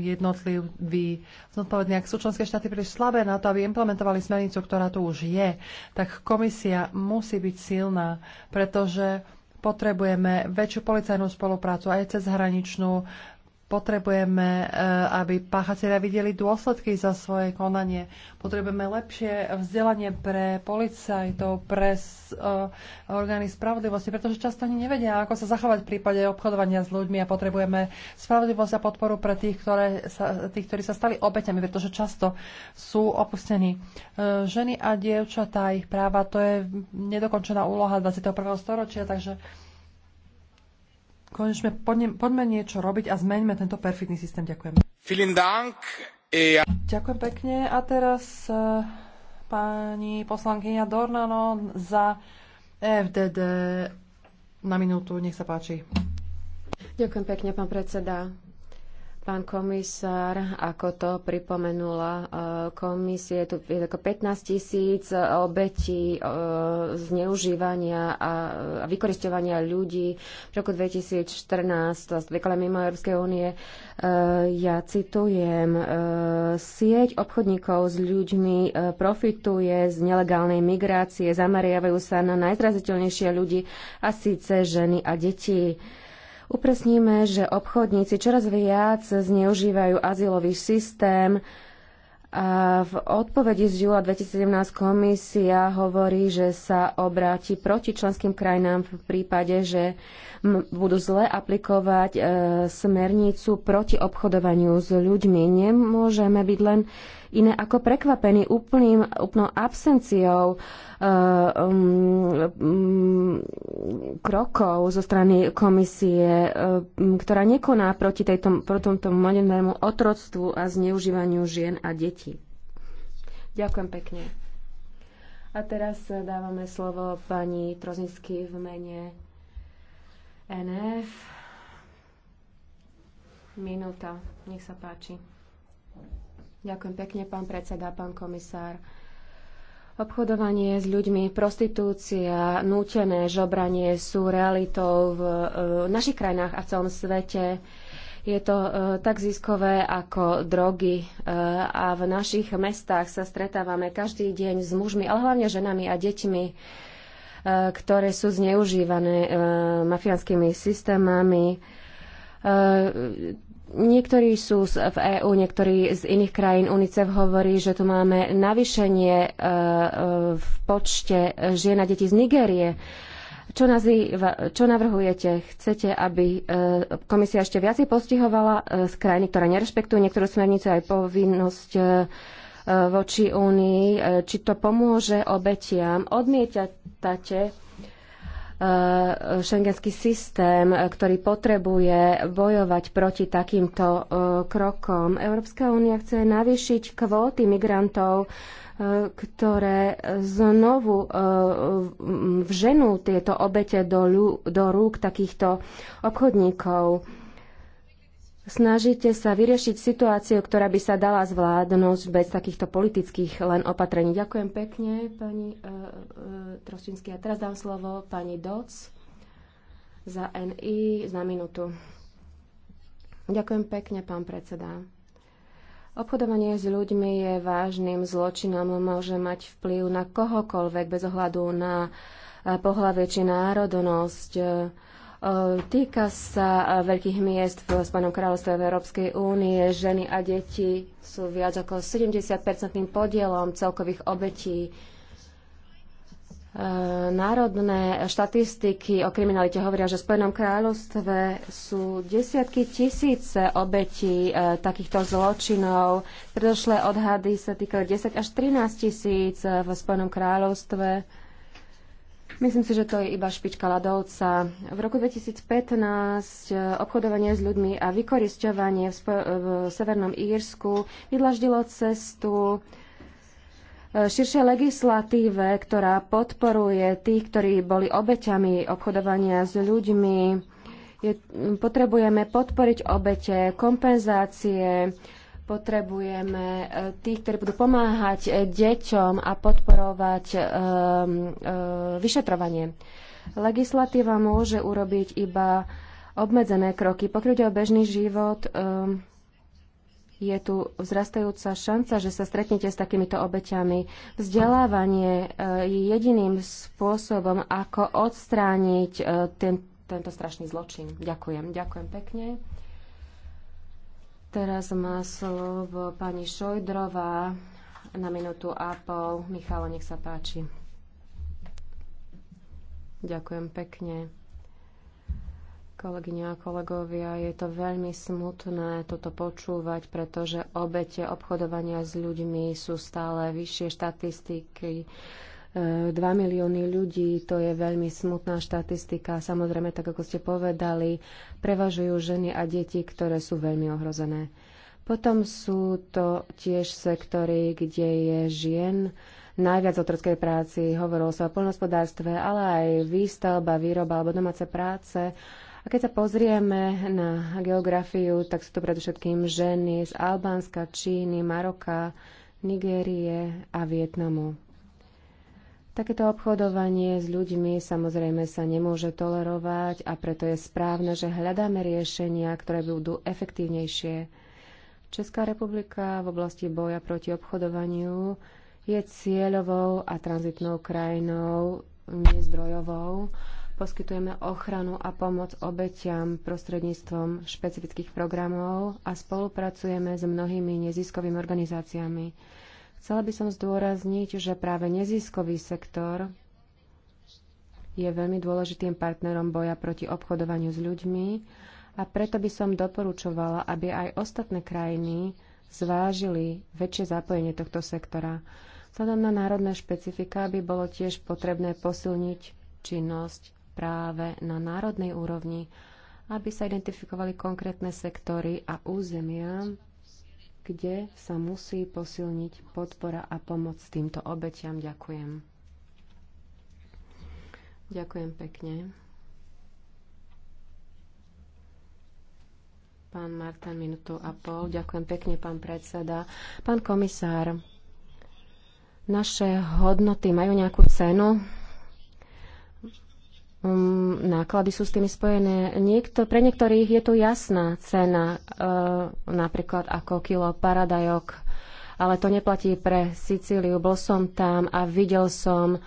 jednotliví zodpovední. Ak sú členské štáty príliš slabé na to, aby implementovali smernicu, ktorá tu už je, tak komisia musí byť silná, pretože potrebujeme väčšiu policajnú spoluprácu aj cez hraničnú, Potrebujeme, e, aby páchatelia videli dôsledky za svoje konanie. Potrebujeme lepšie vzdelanie pre policajtov, pre e, orgány spravodlivosti, pretože často ani nevedia, ako sa zachovať v prípade obchodovania s ľuďmi a potrebujeme spravodlivosť a podporu pre tých, ktoré sa, tých ktorí sa stali obeťami, pretože často sú opustení. E, ženy a dievčatá, ich práva, to je nedokončená úloha 21. storočia, takže konečne poďme, poďme niečo robiť a zmeňme tento perfidný systém. Ďakujem. E, Ďakujem pekne. A teraz e, pani poslankyňa Dornano za FDD na minútu. Nech sa páči. Ďakujem pekne, pán predseda. Pán komisár, ako to pripomenula e, komisie, tu je ako 15 tisíc e, obetí e, zneužívania a vykoristovania ľudí v roku 2014 vznikla vlastne mimo Európskej únie. Ja citujem, sieť obchodníkov s ľuďmi profituje z nelegálnej migrácie, zameriavajú sa na najzraziteľnejšie ľudí a síce ženy a deti. Upresníme, že obchodníci čoraz viac zneužívajú azylový systém. A v odpovedi z júla 2017 komisia hovorí, že sa obráti proti členským krajinám v prípade, že budú zle aplikovať e, smernicu proti obchodovaniu s ľuďmi. Nemôžeme byť len iné ako prekvapení úplným, úplnou absenciou um, um, krokov zo strany komisie, um, ktorá nekoná proti, tejto, pro tomto modernému otroctvu a zneužívaniu žien a detí. Ďakujem pekne. A teraz eh, dávame slovo pani trozinsky v mene NF. Minúta, nech sa páči. Ďakujem pekne, pán predseda, pán komisár. Obchodovanie s ľuďmi, prostitúcia, nútené žobranie sú realitou v, e, našich krajinách a v celom svete. Je to e, tak ziskové ako drogy e, a v našich mestách sa stretávame každý deň s mužmi, ale hlavne ženami a deťmi, ktoré sú zneužívané mafiánskymi systémami Niektorí sú v EÚ, niektorí z iných krajín. UNICEF hovorí, že tu máme navýšenie e, e, v počte žien a detí z Nigérie. Čo, nazýva, čo navrhujete? Chcete, aby e, komisia ešte viacej postihovala z krajiny, ktoré nerešpektujú niektorú smernicu aj povinnosť voči Únii? Či to pomôže obetiam? Odmietate Eh, šengenský systém, eh, ktorý potrebuje bojovať proti takýmto eh, krokom. Európska únia chce navýšiť kvóty migrantov, ktoré znovu vženú tieto obete do, do rúk takýchto obchodníkov Snažíte sa vyriešiť situáciu, ktorá by sa dala zvládnuť bez takýchto politických len opatrení. Ďakujem pekne, pani uh, eh, uh, eh, Trostinsky. A teraz dám slovo pani Doc za NI za minútu. Ďakujem pekne, pán predseda. Obchodovanie s ľuďmi je vážnym zločinom, môže mať vplyv na kohokoľvek bez ohľadu na eh, pohlavie či národnosť. Uh, Eh, týka sa eh, veľkých miest v Spojenom kráľovstve v Európskej únie. Ženy a deti sú viac ako 70-percentným podielom celkových obetí. Eh, národné štatistiky o kriminalite hovoria, že v Spojenom kráľovstve sú desiatky tisíce obetí takýchto zločinov. Predošlé odhady sa týkajú 10 až 13 tisíc v Spojenom kráľovstve Myslím si, že to je iba špička ľadovca. V roku 2015 e, obchodovanie s ľuďmi a vykorisťovanie v, e, v Severnom Írsku vydlaždilo cestu e, širšej legislatíve, ktorá podporuje tých, ktorí boli obeťami obchodovania s ľuďmi. Je, potrebujeme podporiť obete, kompenzácie, Potrebujeme e, tých, ktorí budú pomáhať e, deťom a podporovať e, vyšetrovanie. Legislatíva môže urobiť iba obmedzené kroky. Pokiaľ ide o bežný život, je tu vzrastajúca šanca, že sa stretnete s takýmito obeťami. Vzdelávanie je jediným spôsobom, ako odstrániť ten, tento strašný zločin. Ďakujem. Ďakujem pekne. Teraz má slovo pani Šojdrová na minútu a pol. Michalo, nech sa páči. Ďakujem pekne. Kolegyňa a kolegovia, je to veľmi smutné toto počúvať, pretože obete obchodovania s ľuďmi sú stále vyššie štatistiky. 2 milióny ľudí, to je veľmi smutná štatistika. Samozrejme, tak ako ste povedali, prevažujú ženy a deti, ktoré sú veľmi ohrozené. Potom sú to tiež sektory, kde je žien najviac o otrockej práci. Hovorilo sa o poľnohospodárstve, ale aj výstavba, výroba alebo domáce práce. A keď sa pozrieme na geografiu, tak sú to predovšetkým ženy z Albánska, Číny, Maroka, Nigérie a Vietnamu. Takéto obchodovanie s ľuďmi samozrejme sa nemôže tolerovať a preto je správne, že hľadáme riešenia, ktoré budú efektívnejšie. Česká republika v oblasti boja proti obchodovaniu je cieľovou a tranzitnou krajinou, nezdrojovou. Poskytujeme ochranu a pomoc obetiam prostredníctvom špecifických programov a spolupracujeme s mnohými neziskovými organizáciami. Chcela by som zdôrazniť, že práve neziskový sektor je veľmi dôležitým partnerom boja proti obchodovaniu s ľuďmi a preto by som doporučovala, aby aj ostatné krajiny zvážili väčšie zapojenie tohto sektora. Vzhľadom na národné špecifika by bolo tiež potrebné posilniť činnosť práve na národnej úrovni, aby sa identifikovali konkrétne sektory a územia, kde sa musí posilniť podpora a pomoc týmto obetiam. Ďakujem. Ďakujem pekne. Pán Martin, minútu a pol. Ďakujem pekne, pán predseda. Pán komisár, naše hodnoty majú nejakú cenu? Mm, náklady sú s tými spojené. Niekto, pre niektorých je tu jasná cena, uh, napríklad ako kilo paradajok, ale to neplatí pre Sicíliu. Bol som tam a videl som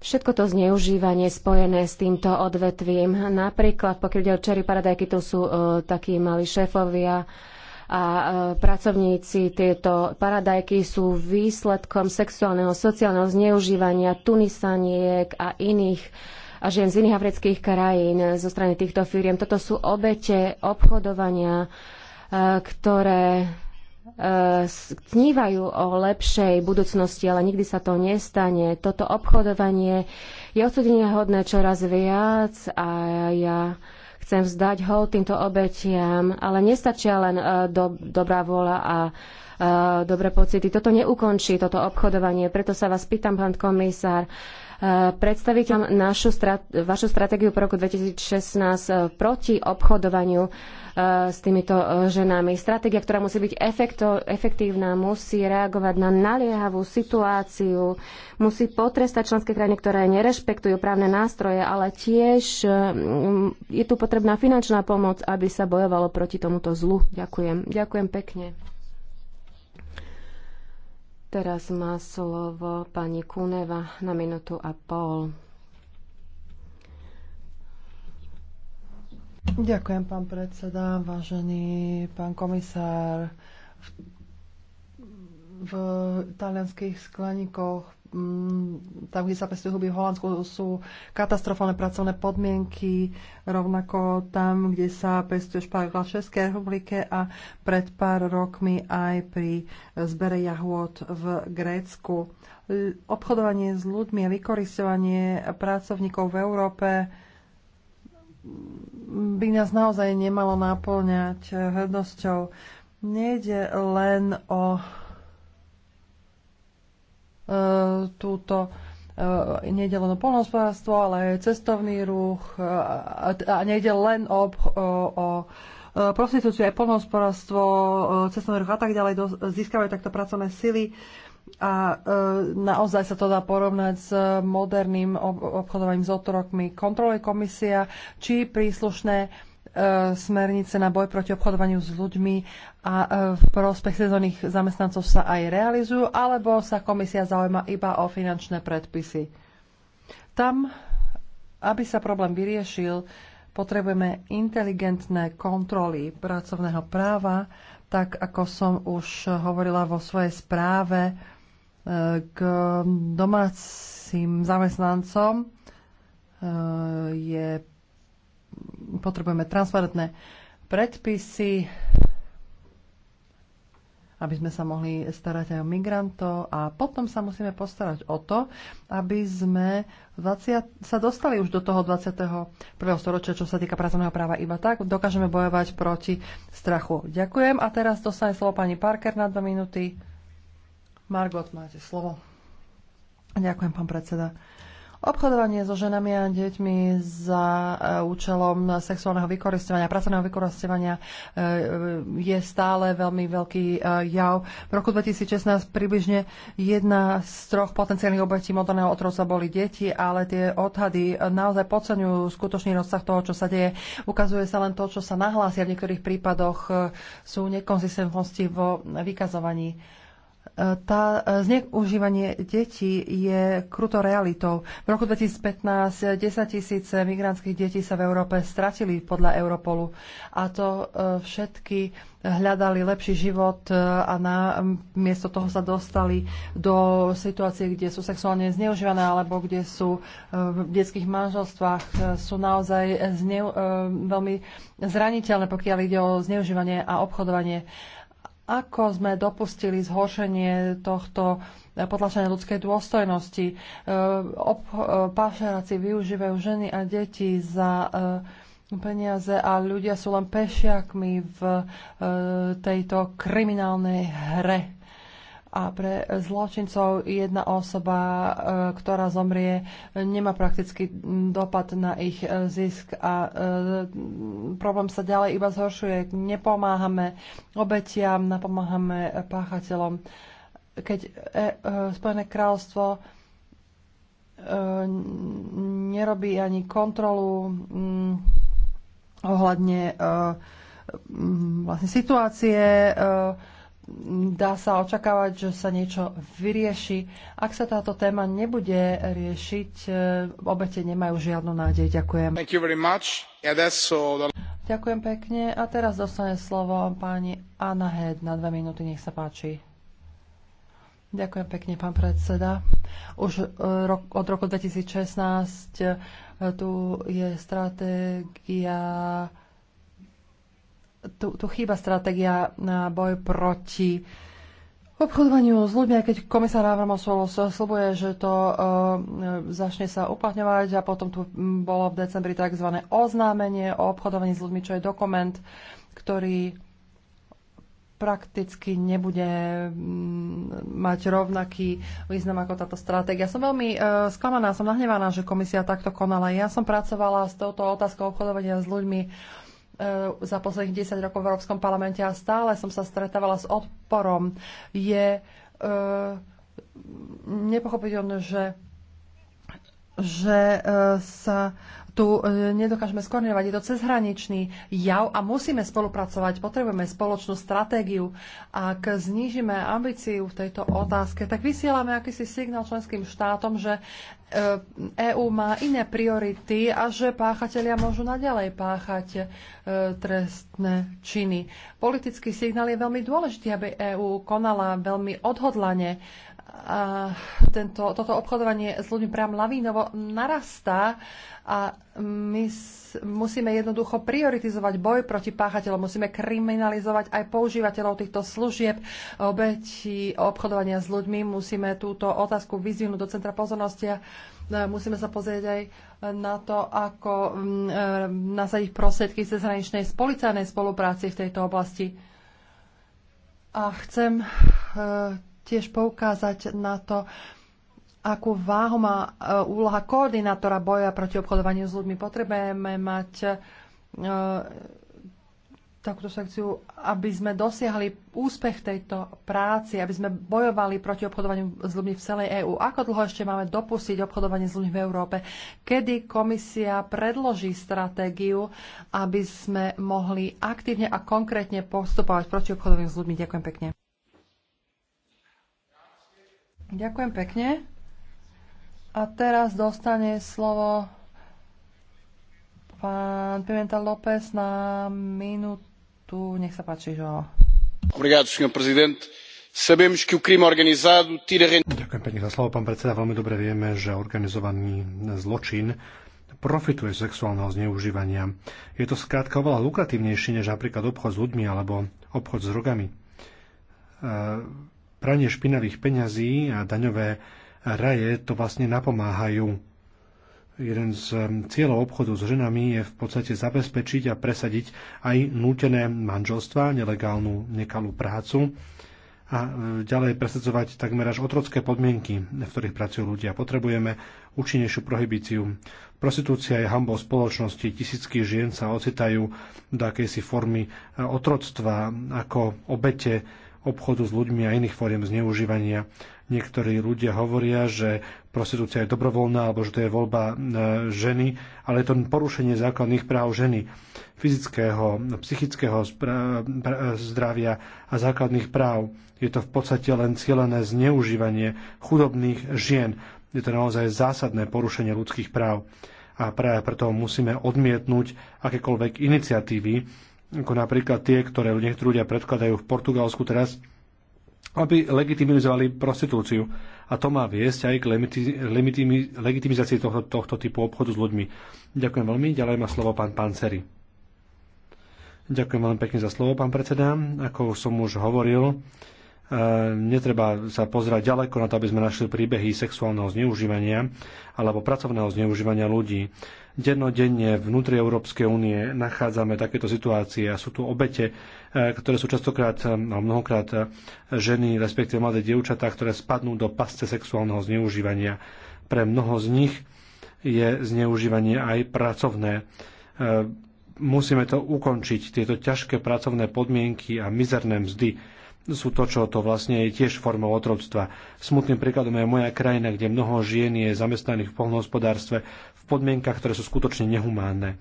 všetko to zneužívanie spojené s týmto odvetvím. Napríklad, pokiaľ ide o čery paradajky, to sú uh, takí mali šéfovia, a eh, pracovníci tieto paradajky sú výsledkom sexuálneho, sociálneho zneužívania tunisaniek a iných a žien z iných afrických krajín eh, zo strany týchto firiem. Toto sú obete obchodovania, eh, ktoré eh, snívajú o lepšej budúcnosti, ale nikdy sa to nestane. Toto obchodovanie je odsudenia hodné čoraz viac a ja chcem vzdať ho týmto obetiam, ale nestačia len do, dobrá vola a dobré pocity. Toto neukončí, toto obchodovanie. Preto sa vás pýtam, pán komisár, Predstavíte nám našu, vašu stratégiu po roku 2016 eh, proti obchodovaniu eh, s týmito eh, ženami. Stratégia, ktorá musí byť efekto, efektívna, musí reagovať na naliehavú situáciu, musí potrestať členské krajiny, ktoré nerešpektujú právne nástroje, ale tiež mm, je tu potrebná finančná pomoc, aby sa bojovalo proti tomuto zlu. Ďakujem. Ďakujem pekne. Teraz má slovo pani Kuneva na minútu a pol. Ďakujem, pán predseda, vážený pán komisár. V, v talianských skleníkoch tam, kde sa pestujú huby v Holandsku, sú katastrofálne pracovné podmienky, rovnako tam, kde sa pestuje špargla v Českej republike a pred pár rokmi aj pri zbere jahôd v Grécku. Obchodovanie s ľuďmi a vykoristovanie pracovníkov v Európe by nás naozaj nemalo naplňať hrdosťou. Nejde len o E, túto e, nejde len o polnohospodárstvo, ale aj cestovný ruch e, a nejde len o, o, prostitúciu, aj polnohospodárstvo, cestovný ruch a tak ďalej, získavajú takto pracovné sily a naozaj sa to dá porovnať s moderným obchodovaním s otrokmi. Kontroluje komisia, či príslušné E, smernice na boj proti obchodovaniu s ľuďmi a e, v prospech sezónnych zamestnancov sa aj realizujú, alebo sa komisia zaujíma iba o finančné predpisy. Tam, aby sa problém vyriešil, potrebujeme inteligentné kontroly pracovného práva, tak ako som už hovorila vo svojej správe e, k domácim zamestnancom je potrebujeme transparentné predpisy, aby sme sa mohli starať aj o migrantov a potom sa musíme postarať o to, aby sme 20, sa dostali už do toho 21. storočia, čo sa týka pracovného práva iba tak. Dokážeme bojovať proti strachu. Ďakujem a teraz dostane slovo pani Parker na 2 minúty. Margot, máte slovo. Ďakujem, pán predseda. Obchodovanie so ženami a deťmi za e, účelom sexuálneho vykoristovania, pracovného vykoristovania e, e, je stále veľmi veľký jav. V roku 2016 približne jedna z troch potenciálnych obetí moderného otroca boli deti, ale tie odhady naozaj podceňujú skutočný rozsah toho, čo sa deje. Ukazuje sa len to, čo sa nahlásia. V niektorých prípadoch sú nekonzistentnosti vo vykazovaní tá e, zneužívanie detí je kruto realitou. V roku 2015 10 tisíc migrantských detí sa v Európe stratili podľa Europolu a to e, všetky hľadali lepší život e, a na miesto toho sa dostali do situácie, kde sú sexuálne zneužívané alebo kde sú v detských manželstvách sú naozaj zneu, veľmi zraniteľné, pokiaľ ide o zneužívanie a obchodovanie ako sme dopustili zhoršenie tohto eh, potlačenia ľudskej dôstojnosti. Eh, eh, Pašeráci využívajú ženy a deti za peniaze a ľudia sú len pešiakmi v tejto kriminálnej hre a pre zločincov jedna osoba, e, ktorá zomrie, nemá prakticky dopad na ich e, zisk a e, problém sa ďalej iba zhoršuje. Nepomáhame obetiam, napomáhame páchateľom. Keď Spojené kráľstvo nerobí ani kontrolu mm, ohľadne vlastne situácie, dá sa očakávať, že sa niečo vyrieši. Ak sa táto téma nebude riešiť, e, obete nemajú žiadnu nádej. Ďakujem. Thank you very much. E Ďakujem pekne. A teraz dostane slovo pani Anna Head na dve minúty. Nech sa páči. Ďakujem pekne, pán predseda. Už e, rok, od roku 2016 tu je stratégia tu, tu chýba stratégia na boj proti obchodovaniu s ľuďmi, keď komisár Avramopoulos slobuje, že to e, začne sa uplatňovať a potom tu bolo v decembri tzv. oznámenie o obchodovaní s ľuďmi, čo je dokument, ktorý prakticky nebude mm, mať rovnaký význam ako táto stratégia. Som veľmi e, sklamaná, som nahnevaná, že komisia takto konala. Ja som pracovala s touto otázkou obchodovania s ľuďmi E, za posledných 10 rokov v Európskom parlamente a stále som sa stretávala s odporom. Je e, nepochopiteľné, že že e, sa tu e, nedokážeme skoordinovať. Je to cezhraničný jav a musíme spolupracovať. Potrebujeme spoločnú stratégiu. Ak znížime ambíciu v tejto otázke, tak vysielame akýsi signál členským štátom, že EÚ e má iné priority a že páchatelia môžu naďalej páchať trestné činy. Politický signál je veľmi dôležitý, aby EÚ konala veľmi odhodlane tento, toto obchodovanie s ľuďmi priam lavínovo narastá a my musíme jednoducho prioritizovať boj proti páchateľom, musíme kriminalizovať aj používateľov týchto služieb, obeti obchodovania s ľuďmi, musíme túto otázku vyzvihnúť do centra pozornosti a e, musíme sa pozrieť aj na to, ako mm, e, nasadiť prostriedky cezhraničnej spolicárnej spolupráci v tejto oblasti. A chcem e, tiež poukázať na to, akú váhu má e, úloha koordinátora boja proti obchodovaniu s ľuďmi. Potrebujeme mať e, takúto sekciu, aby sme dosiahli úspech tejto práci, aby sme bojovali proti obchodovaniu s ľuďmi v celej EÚ. Ako dlho ešte máme dopustiť obchodovanie s ľuďmi v Európe? Kedy komisia predloží stratégiu, aby sme mohli aktívne a konkrétne postupovať proti obchodovaniu s ľuďmi? Ďakujem pekne. Ďakujem pekne. A teraz dostane slovo pán Pimenta López na minútu. Nech sa páči, João. Obrigado, senhor prezident. Sabemos que o crime organizado tira... Ďakujem pekne za slovo, pán predseda. Veľmi dobre vieme, že organizovaný zločin profituje sexuálneho zneužívania. Je to skrátka oveľa lukratívnejšie než napríklad obchod s ľuďmi alebo obchod s drogami. E, pranie špinavých peňazí a daňové raje to vlastne napomáhajú. Jeden z cieľov obchodu s ženami je v podstate zabezpečiť a presadiť aj nútené manželstva, nelegálnu nekalú prácu a e, ďalej presadzovať takmer až otrocké podmienky, v ktorých pracujú ľudia. Potrebujeme účinnejšiu prohibíciu. Prostitúcia je hambou spoločnosti. Tisícky žien sa ocitajú do akejsi formy e, otroctva ako obete obchodu s ľuďmi a iných fóriem zneužívania. Niektorí ľudia hovoria, že prostitúcia je dobrovoľná alebo že to je voľba e, ženy, ale je to porušenie základných práv ženy, fyzického, psychického zdravia a základných práv. Je to v podstate len cieľené zneužívanie chudobných žien. Je to naozaj zásadné porušenie ľudských práv a práve preto musíme odmietnúť akékoľvek iniciatívy, ako napríklad tie, ktoré niektorí ľudia predkladajú v Portugalsku teraz, aby legitimizovali prostitúciu. A to má viesť aj k legitimizácii tohto, tohto typu obchodu s ľuďmi. Ďakujem veľmi. Ďalej má slovo pán Panceri. Ďakujem veľmi pekne za slovo, pán predseda. Ako som už hovoril, netreba sa pozerať ďaleko na to, aby sme našli príbehy sexuálneho zneužívania alebo pracovného zneužívania ľudí. Dennodenne vnútri Európskej únie nachádzame takéto situácie a sú tu obete, e, ktoré sú častokrát, e, no mnohokrát e, ženy, respektíve mladé dievčatá, ktoré spadnú do pasce sexuálneho zneužívania. Pre mnoho z nich je zneužívanie aj pracovné musíme to ukončiť, tieto ťažké pracovné podmienky a mizerné mzdy sú to, čo to vlastne je tiež formou otroctva. Smutným príkladom je moja krajina, kde mnoho žien je zamestnaných v polnohospodárstve v podmienkach, ktoré sú skutočne nehumánne.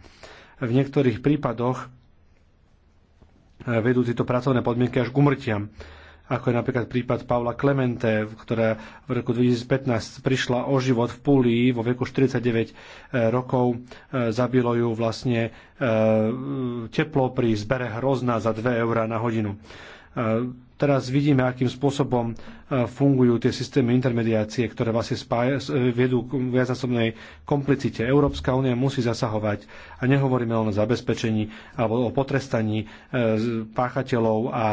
V niektorých prípadoch eh, vedú tieto pracovné podmienky až k umrtiam ako je napríklad prípad Paula Clemente, ktorá v roku 2015 prišla o život v Púli vo veku 49 eh, rokov. Eh, zabilo ju vlastne teplo pri zbere hrozna za 2 eurá na hodinu. Teraz vidíme, akým spôsobom e, fungujú tie systémy intermediácie, ktoré vlastne spája, e, vedú k viacnásobnej komplicite. Európska únia musí zasahovať a nehovoríme len o zabezpečení alebo o potrestaní e, páchateľov a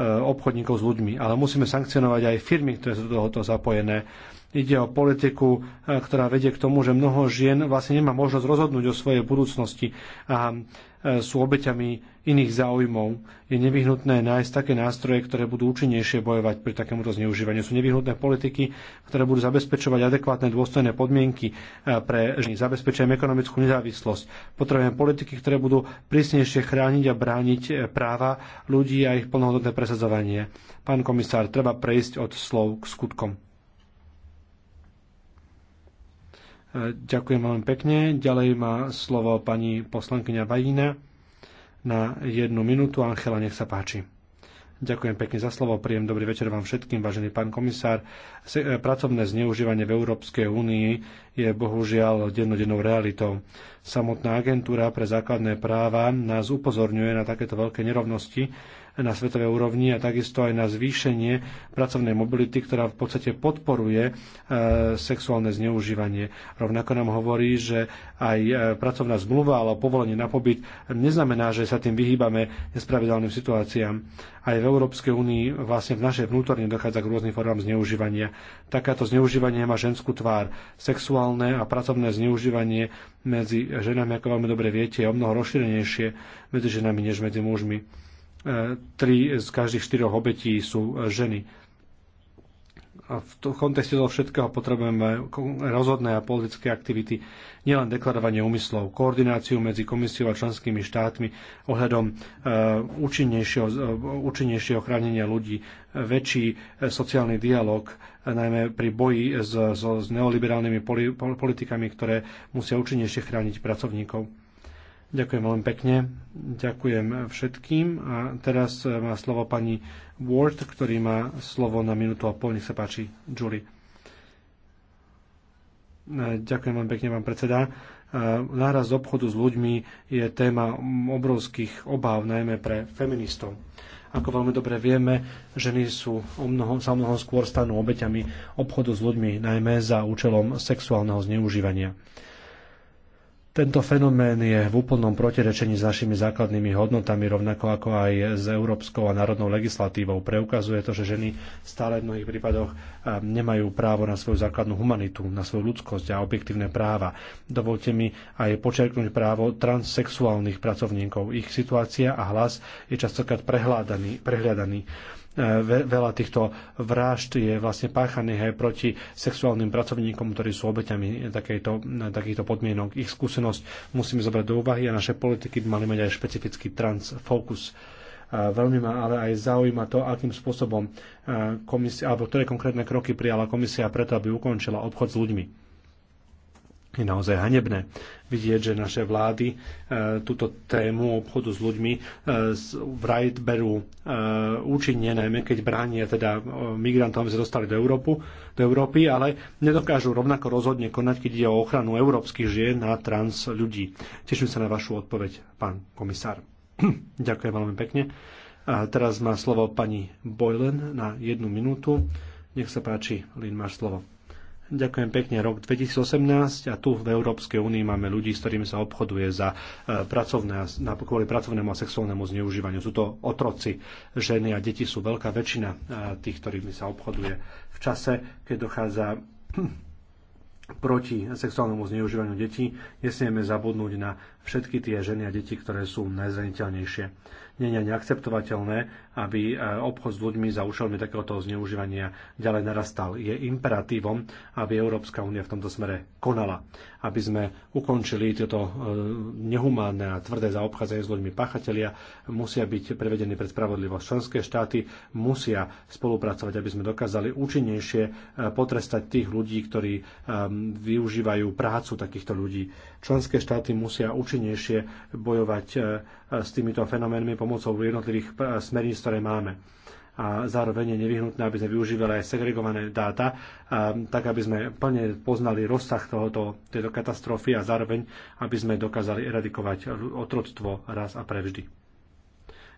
obchodníkov s ľuďmi, ale musíme sankcionovať aj firmy, ktoré sú do tohoto zapojené Ide o politiku, e, ktorá vedie k tomu, že mnoho žien vlastne nemá možnosť rozhodnúť o svojej budúcnosti a e, sú obeťami iných záujmov. Je nevyhnutné nájsť také nástroje, ktoré budú účinnejšie bojovať pri takémuto zneužívaniu. Sú nevyhnutné politiky, ktoré budú zabezpečovať adekvátne dôstojné podmienky e, pre ženy. Zabezpečujem ekonomickú nezávislosť. Potrebujem politiky, ktoré budú prísnejšie chrániť a brániť práva ľudí a ich plnohodnotné presadzovanie. Pán komisár, treba prejsť od slov k skutkom. Ďakujem veľmi pekne. Ďalej má slovo pani poslankyňa Bajína na jednu minútu. Angela, nech sa páči. Ďakujem pekne za slovo, príjem dobrý večer vám všetkým, vážený pán komisár. E, pracovné zneužívanie v Európskej únii je bohužiaľ dennodennou realitou. Samotná agentúra pre základné práva nás upozorňuje na takéto veľké nerovnosti, na svetovej úrovni a takisto aj na zvýšenie pracovnej mobility, ktorá v podstate podporuje e, sexuálne zneužívanie. Rovnako nám hovorí, že aj e, pracovná zmluva alebo povolenie na pobyt neznamená, že sa tým vyhýbame nespravidelným situáciám. Aj v Európskej únii vlastne v našej vnútorne dochádza k rôznym formám zneužívania. Takáto zneužívanie má ženskú tvár. Sexuálne a pracovné zneužívanie medzi ženami, ako veľmi dobre viete, je o mnoho rozšírenejšie medzi ženami než medzi mužmi tri z každých štyroch obetí sú e, ženy. A v kontexte toho všetkého potrebujeme rozhodné a politické aktivity, nielen deklarovanie úmyslov, koordináciu medzi komisiou a členskými štátmi ohľadom e, účinnejšieho, e, účinnejšieho chránenia ľudí, väčší sociálny dialog, najmä pri boji s, s neoliberálnymi politikami, ktoré musia účinnejšie chrániť pracovníkov Ďakujem veľmi pekne. Ďakujem všetkým. A teraz má slovo pani Ward, ktorý má slovo na minútu a pol. Nech sa páči, Julie. E, ďakujem veľmi pekne, pán predseda. E, náraz obchodu s ľuďmi je téma obrovských obáv, najmä pre feministov. Ako veľmi dobre vieme, ženy sú o mnoho, sa o mnoho skôr stanú obeťami obchodu s ľuďmi, najmä za účelom sexuálneho zneužívania. Tento fenomén je v úplnom protirečení s našimi základnými hodnotami, rovnako ako aj s európskou a národnou legislatívou. Preukazuje to, že ženy stále v mnohých prípadoch eh, nemajú právo na svoju základnú humanitu, na svoju ľudskosť a objektívne práva. Dovolte mi aj počerknúť právo transsexuálnych pracovníkov. Ich situácia a hlas je častokrát prehľadaný. prehľadaný E, veľa týchto vražd je vlastne páchaných aj proti sexuálnym pracovníkom, ktorí sú obeťami takejto, takýchto podmienok. Ich skúsenosť musíme zobrať do úvahy a naše politiky by mali mať aj špecifický transfokus. E, veľmi ma ale aj zaujíma to, akým spôsobom e, komisia, alebo ktoré konkrétne kroky prijala komisia preto, aby ukončila obchod s ľuďmi je naozaj hanebné vidieť, že naše vlády e, túto tému obchodu s ľuďmi e, vraj berú e, účinne, najmä keď bránia teda e, migrantom, aby sa dostali do, Európu, do Európy, ale nedokážu rovnako rozhodne konať, keď ide o ochranu európskych žien a trans ľudí. Teším sa na vašu odpoveď, pán komisár. [clears throat] Ďakujem veľmi pekne. A teraz má slovo pani Boylen na jednu minútu. Nech sa páči, Lin, máš slovo. Ďakujem pekne. Rok 2018 a tu v Európskej únii máme ľudí, s ktorými sa obchoduje za e, pracovné, na, kvôli pracovnému a sexuálnemu zneužívaniu. Sú to otroci. Ženy a deti sú veľká väčšina e, tých, ktorými sa obchoduje v čase, keď dochádza [clears throat] proti sexuálnemu zneužívaniu detí, nesmieme zabudnúť na všetky tie ženy a deti, ktoré sú najzraniteľnejšie nie je neakceptovateľné, aby e, obchod s ľuďmi za účelmi takéhoto zneužívania ďalej narastal. Je imperatívom, aby Európska únia v tomto smere konala, aby sme ukončili tieto e, nehumánne a tvrdé zaobchádzanie s ľuďmi pachatelia, musia byť prevedení pred spravodlivosť. Členské štáty musia spolupracovať, aby sme dokázali účinnejšie e, potrestať tých ľudí, ktorí využívajú prácu takýchto ľudí Členské štáty musia účinnejšie bojovať e, s týmito fenoménmi pomocou jednotlivých e, smerníc, ktoré máme a zároveň je nevyhnutné, aby sme využívali aj segregované dáta, e, tak aby sme plne poznali rozsah tohoto, tejto katastrofy a zároveň, aby sme dokázali eradikovať otroctvo raz a prevždy.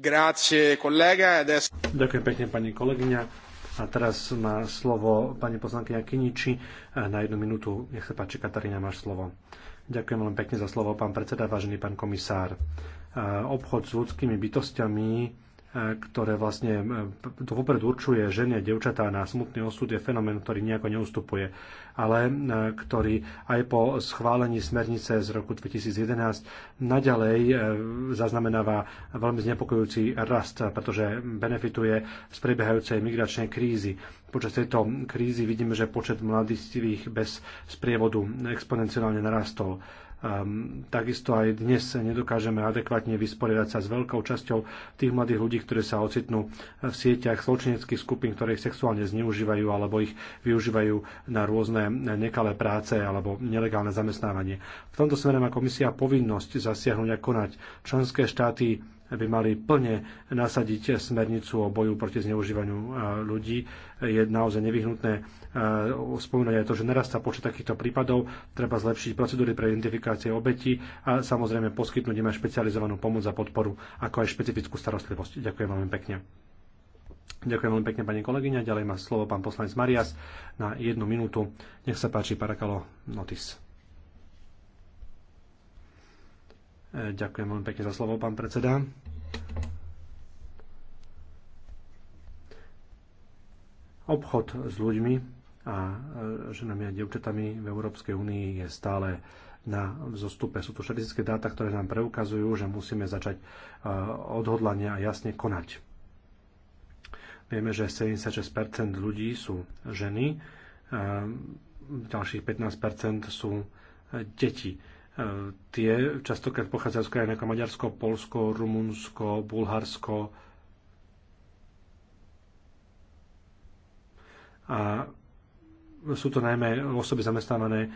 Grazie, kolega. E Des... Ďakujem pekne, pani kolegyňa. A teraz má slovo pani poslankyňa Kiniči eh, na jednu minútu. Nech sa páči, Katarína, máš slovo. Ďakujem veľmi pekne za slovo, pán predseda, vážený pán komisár. Eh, obchod s ľudskými bytostiami ktoré vlastne e, to vopred určuje žene, devčatá na smutný osud, je fenomén, ktorý nejako neustupuje, ale e, ktorý aj po schválení smernice z roku 2011 naďalej e, zaznamenáva veľmi znepokojujúci rast, pretože benefituje z prebiehajúcej migračnej krízy. Počas tejto krízy vidíme, že počet mladistivých bez sprievodu exponenciálne narastol Ehm, takisto aj dnes nedokážeme adekvátne vysporiadať sa s veľkou časťou tých mladých ľudí, ktorí sa ocitnú v sieťach zločineckých skupín, ktoré ich sexuálne zneužívajú alebo ich využívajú na rôzne nekalé práce alebo nelegálne zamestnávanie. V tomto smere má komisia povinnosť zasiahnuť a konať. Členské štáty by mali plne nasadiť smernicu o boju proti zneužívaniu e, ľudí. Je naozaj nevyhnutné e, spomínať aj to, že narastá počet takýchto prípadov, treba zlepšiť procedúry pre identifikácie obetí a samozrejme poskytnúť im aj špecializovanú pomoc a podporu, ako aj špecifickú starostlivosť. Ďakujem veľmi pekne. Ďakujem veľmi pekne, pani kolegyňa. Ďalej má slovo pán poslanec Marias na jednu minútu. Nech sa páči, Parakalo Notis. Ďakujem veľmi pekne za slovo, pán predseda. Obchod s ľuďmi a e, ženami a dievčatami v Európskej únii je stále na zostupe. Sú tu štatistické dáta, ktoré nám preukazujú, že musíme začať e, odhodlania a jasne konať. Vieme, že 76 ľudí sú ženy, e, ďalších 15 sú deti E, tie častokrát pochádzajú z krajín ako Maďarsko, Polsko, Rumunsko, Bulharsko. A sú to najmä osoby zamestnávané eh,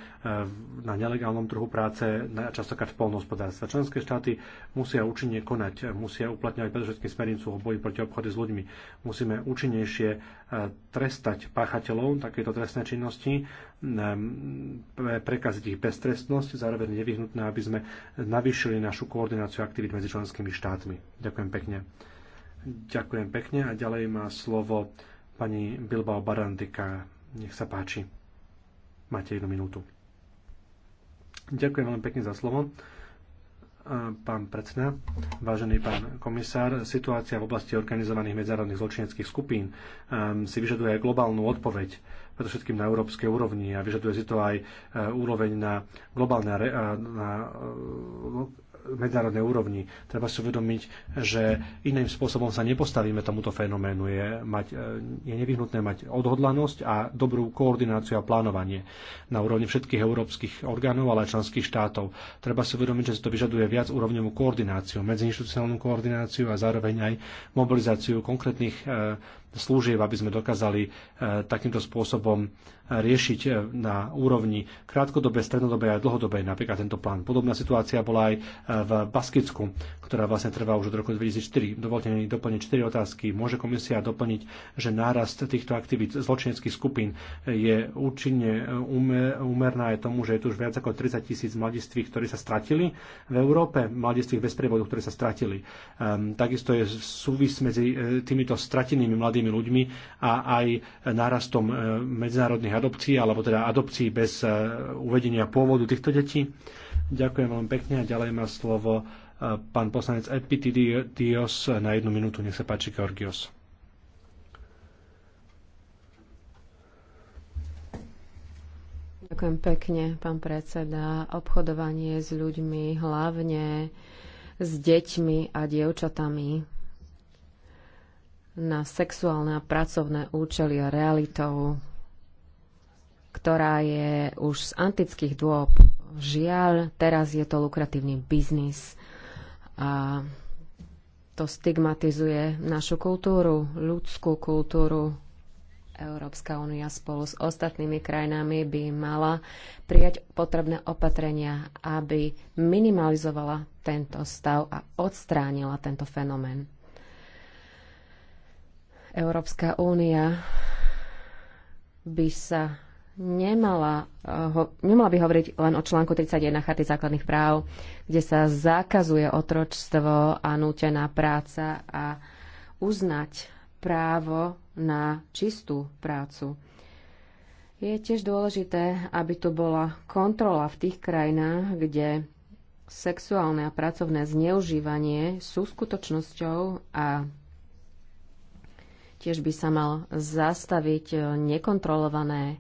na nelegálnom trhu práce, častokrát v polnohospodárstve. Členské štáty musia účinne konať, eh, musia uplatňovať predovšetkým smernicu o boji proti obchody s ľuďmi. Musíme účinnejšie eh, trestať páchateľov takéto trestnej činnosti, prekaziť ich beztrestnosť, zároveň nevyhnutné, aby sme navýšili našu koordináciu aktivít medzi členskými štátmi. Ďakujem pekne. Ďakujem pekne a ďalej má slovo pani Bilbao Barandika nech sa páči. Máte jednu minútu. Ďakujem veľmi pekne za slovo e, pán predseda, vážený pán komisár, situácia v oblasti organizovaných medzárodných zločineckých skupín ehm, si vyžaduje aj globálnu odpoveď, predovšetkým na európskej úrovni a vyžaduje si to aj e, úroveň na globálne na e, medzinárodnej úrovni. Treba si uvedomiť, že iným spôsobom sa nepostavíme tomuto fenoménu. Je, mať, e, je nevyhnutné mať odhodlanosť a dobrú koordináciu a plánovanie na úrovni všetkých európskych orgánov, ale aj členských štátov. Treba si uvedomiť, že si to vyžaduje viac úrovňovú koordináciu, medziinstitucionálnu koordináciu a zároveň aj mobilizáciu konkrétnych e, služieb, aby sme dokázali e, takýmto spôsobom e, riešiť e, na úrovni krátkodobej, strednodobej a dlhodobej napríklad tento plán. Podobná situácia bola aj v Baskicku, ktorá vlastne trvá už od roku 2004. Dovolte mi doplniť 4 otázky. Môže komisia doplniť, že nárast týchto aktivít zločineckých skupín je účinne úmerná aj tomu, že je tu už viac ako 30 tisíc mladistvých, ktorí sa stratili v Európe, mladistvých bez prievodu, ktorí sa stratili. Ehm, takisto je súvis medzi týmito stratenými mladými mladými ľuďmi a aj nárastom e, medzinárodných adopcií, alebo teda adopcií bez e, uvedenia pôvodu týchto detí. Ďakujem veľmi pekne a ďalej má slovo e, pán poslanec Epitidios na jednu minútu. Nech sa páči, Georgios. Ďakujem pekne, pán predseda. Obchodovanie s ľuďmi, hlavne s deťmi a dievčatami, na sexuálne a pracovné účely a realitou, ktorá je už z antických dôb. Žiaľ, teraz je to lukratívny biznis a to stigmatizuje našu kultúru, ľudskú kultúru. Európska únia spolu s ostatnými krajinami by mala prijať potrebné opatrenia, aby minimalizovala tento stav a odstránila tento fenomén. Európska únia by sa nemala, eh, ho, nemala by hovoriť len o článku 31 Charty základných práv, kde sa zakazuje otročstvo a nútená práca a uznať právo na čistú prácu. Je tiež dôležité, aby tu bola kontrola v tých krajinách, kde sexuálne a pracovné zneužívanie sú skutočnosťou a Tiež by sa mal zastaviť e, nekontrolované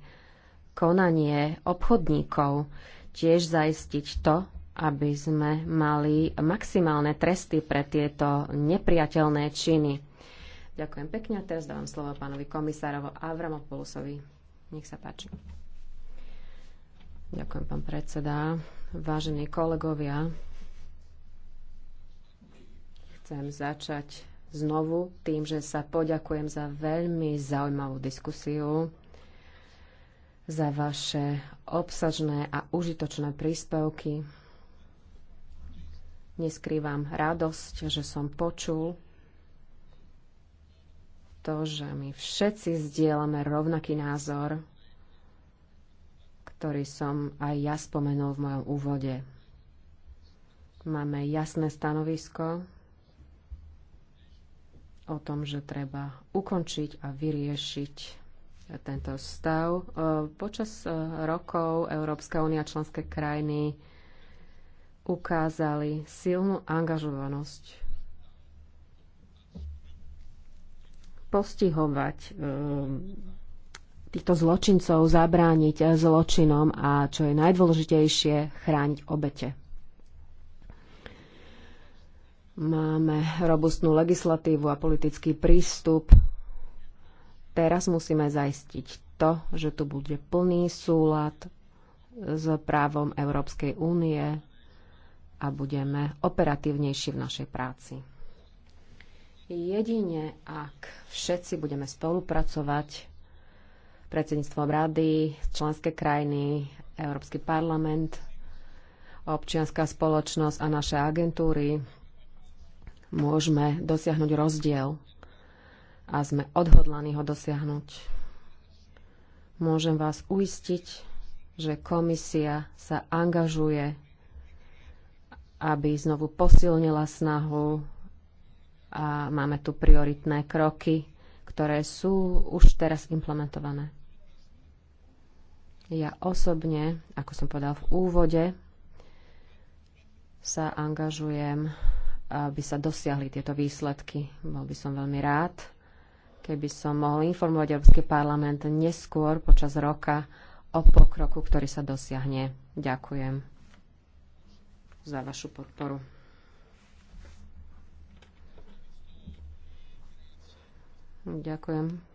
konanie obchodníkov. Tiež zaistiť to, aby sme mali maximálne tresty pre tieto nepriateľné činy. Ďakujem pekne. A teraz dávam slovo pánovi komisárovo Avramopoulosovi. Nech sa páči. Ďakujem, pán predseda. Vážení kolegovia, chcem začať znovu tým, že sa poďakujem za veľmi zaujímavú diskusiu, za vaše obsažné a užitočné príspevky. Neskrývam radosť, že som počul to, že my všetci zdieľame rovnaký názor, ktorý som aj ja spomenul v mojom úvode. Máme jasné stanovisko, o tom, že treba ukončiť a vyriešiť tento stav. E, počas e, rokov Európska únia a členské krajiny ukázali silnú angažovanosť postihovať e, týchto zločincov, zabrániť zločinom a čo je najdôležitejšie, chrániť obete. Máme robustnú legislatívu a politický prístup. Teraz musíme zaistiť to, že tu bude plný súlad s právom Európskej únie a budeme operatívnejší v našej práci. Jedine ak všetci budeme spolupracovať, predsedníctvom rady, členské krajiny, Európsky parlament, občianská spoločnosť a naše agentúry, môžeme dosiahnuť rozdiel a sme odhodlaní ho dosiahnuť. Môžem vás uistiť, že komisia sa angažuje, aby znovu posilnila snahu a máme tu prioritné kroky, ktoré sú už teraz implementované. Ja osobne, ako som povedal v úvode, sa angažujem aby sa dosiahli tieto výsledky. Bol by som veľmi rád, keby som mohol informovať Európsky parlament neskôr počas roka o pokroku, ktorý sa dosiahne. Ďakujem za vašu podporu. Ďakujem.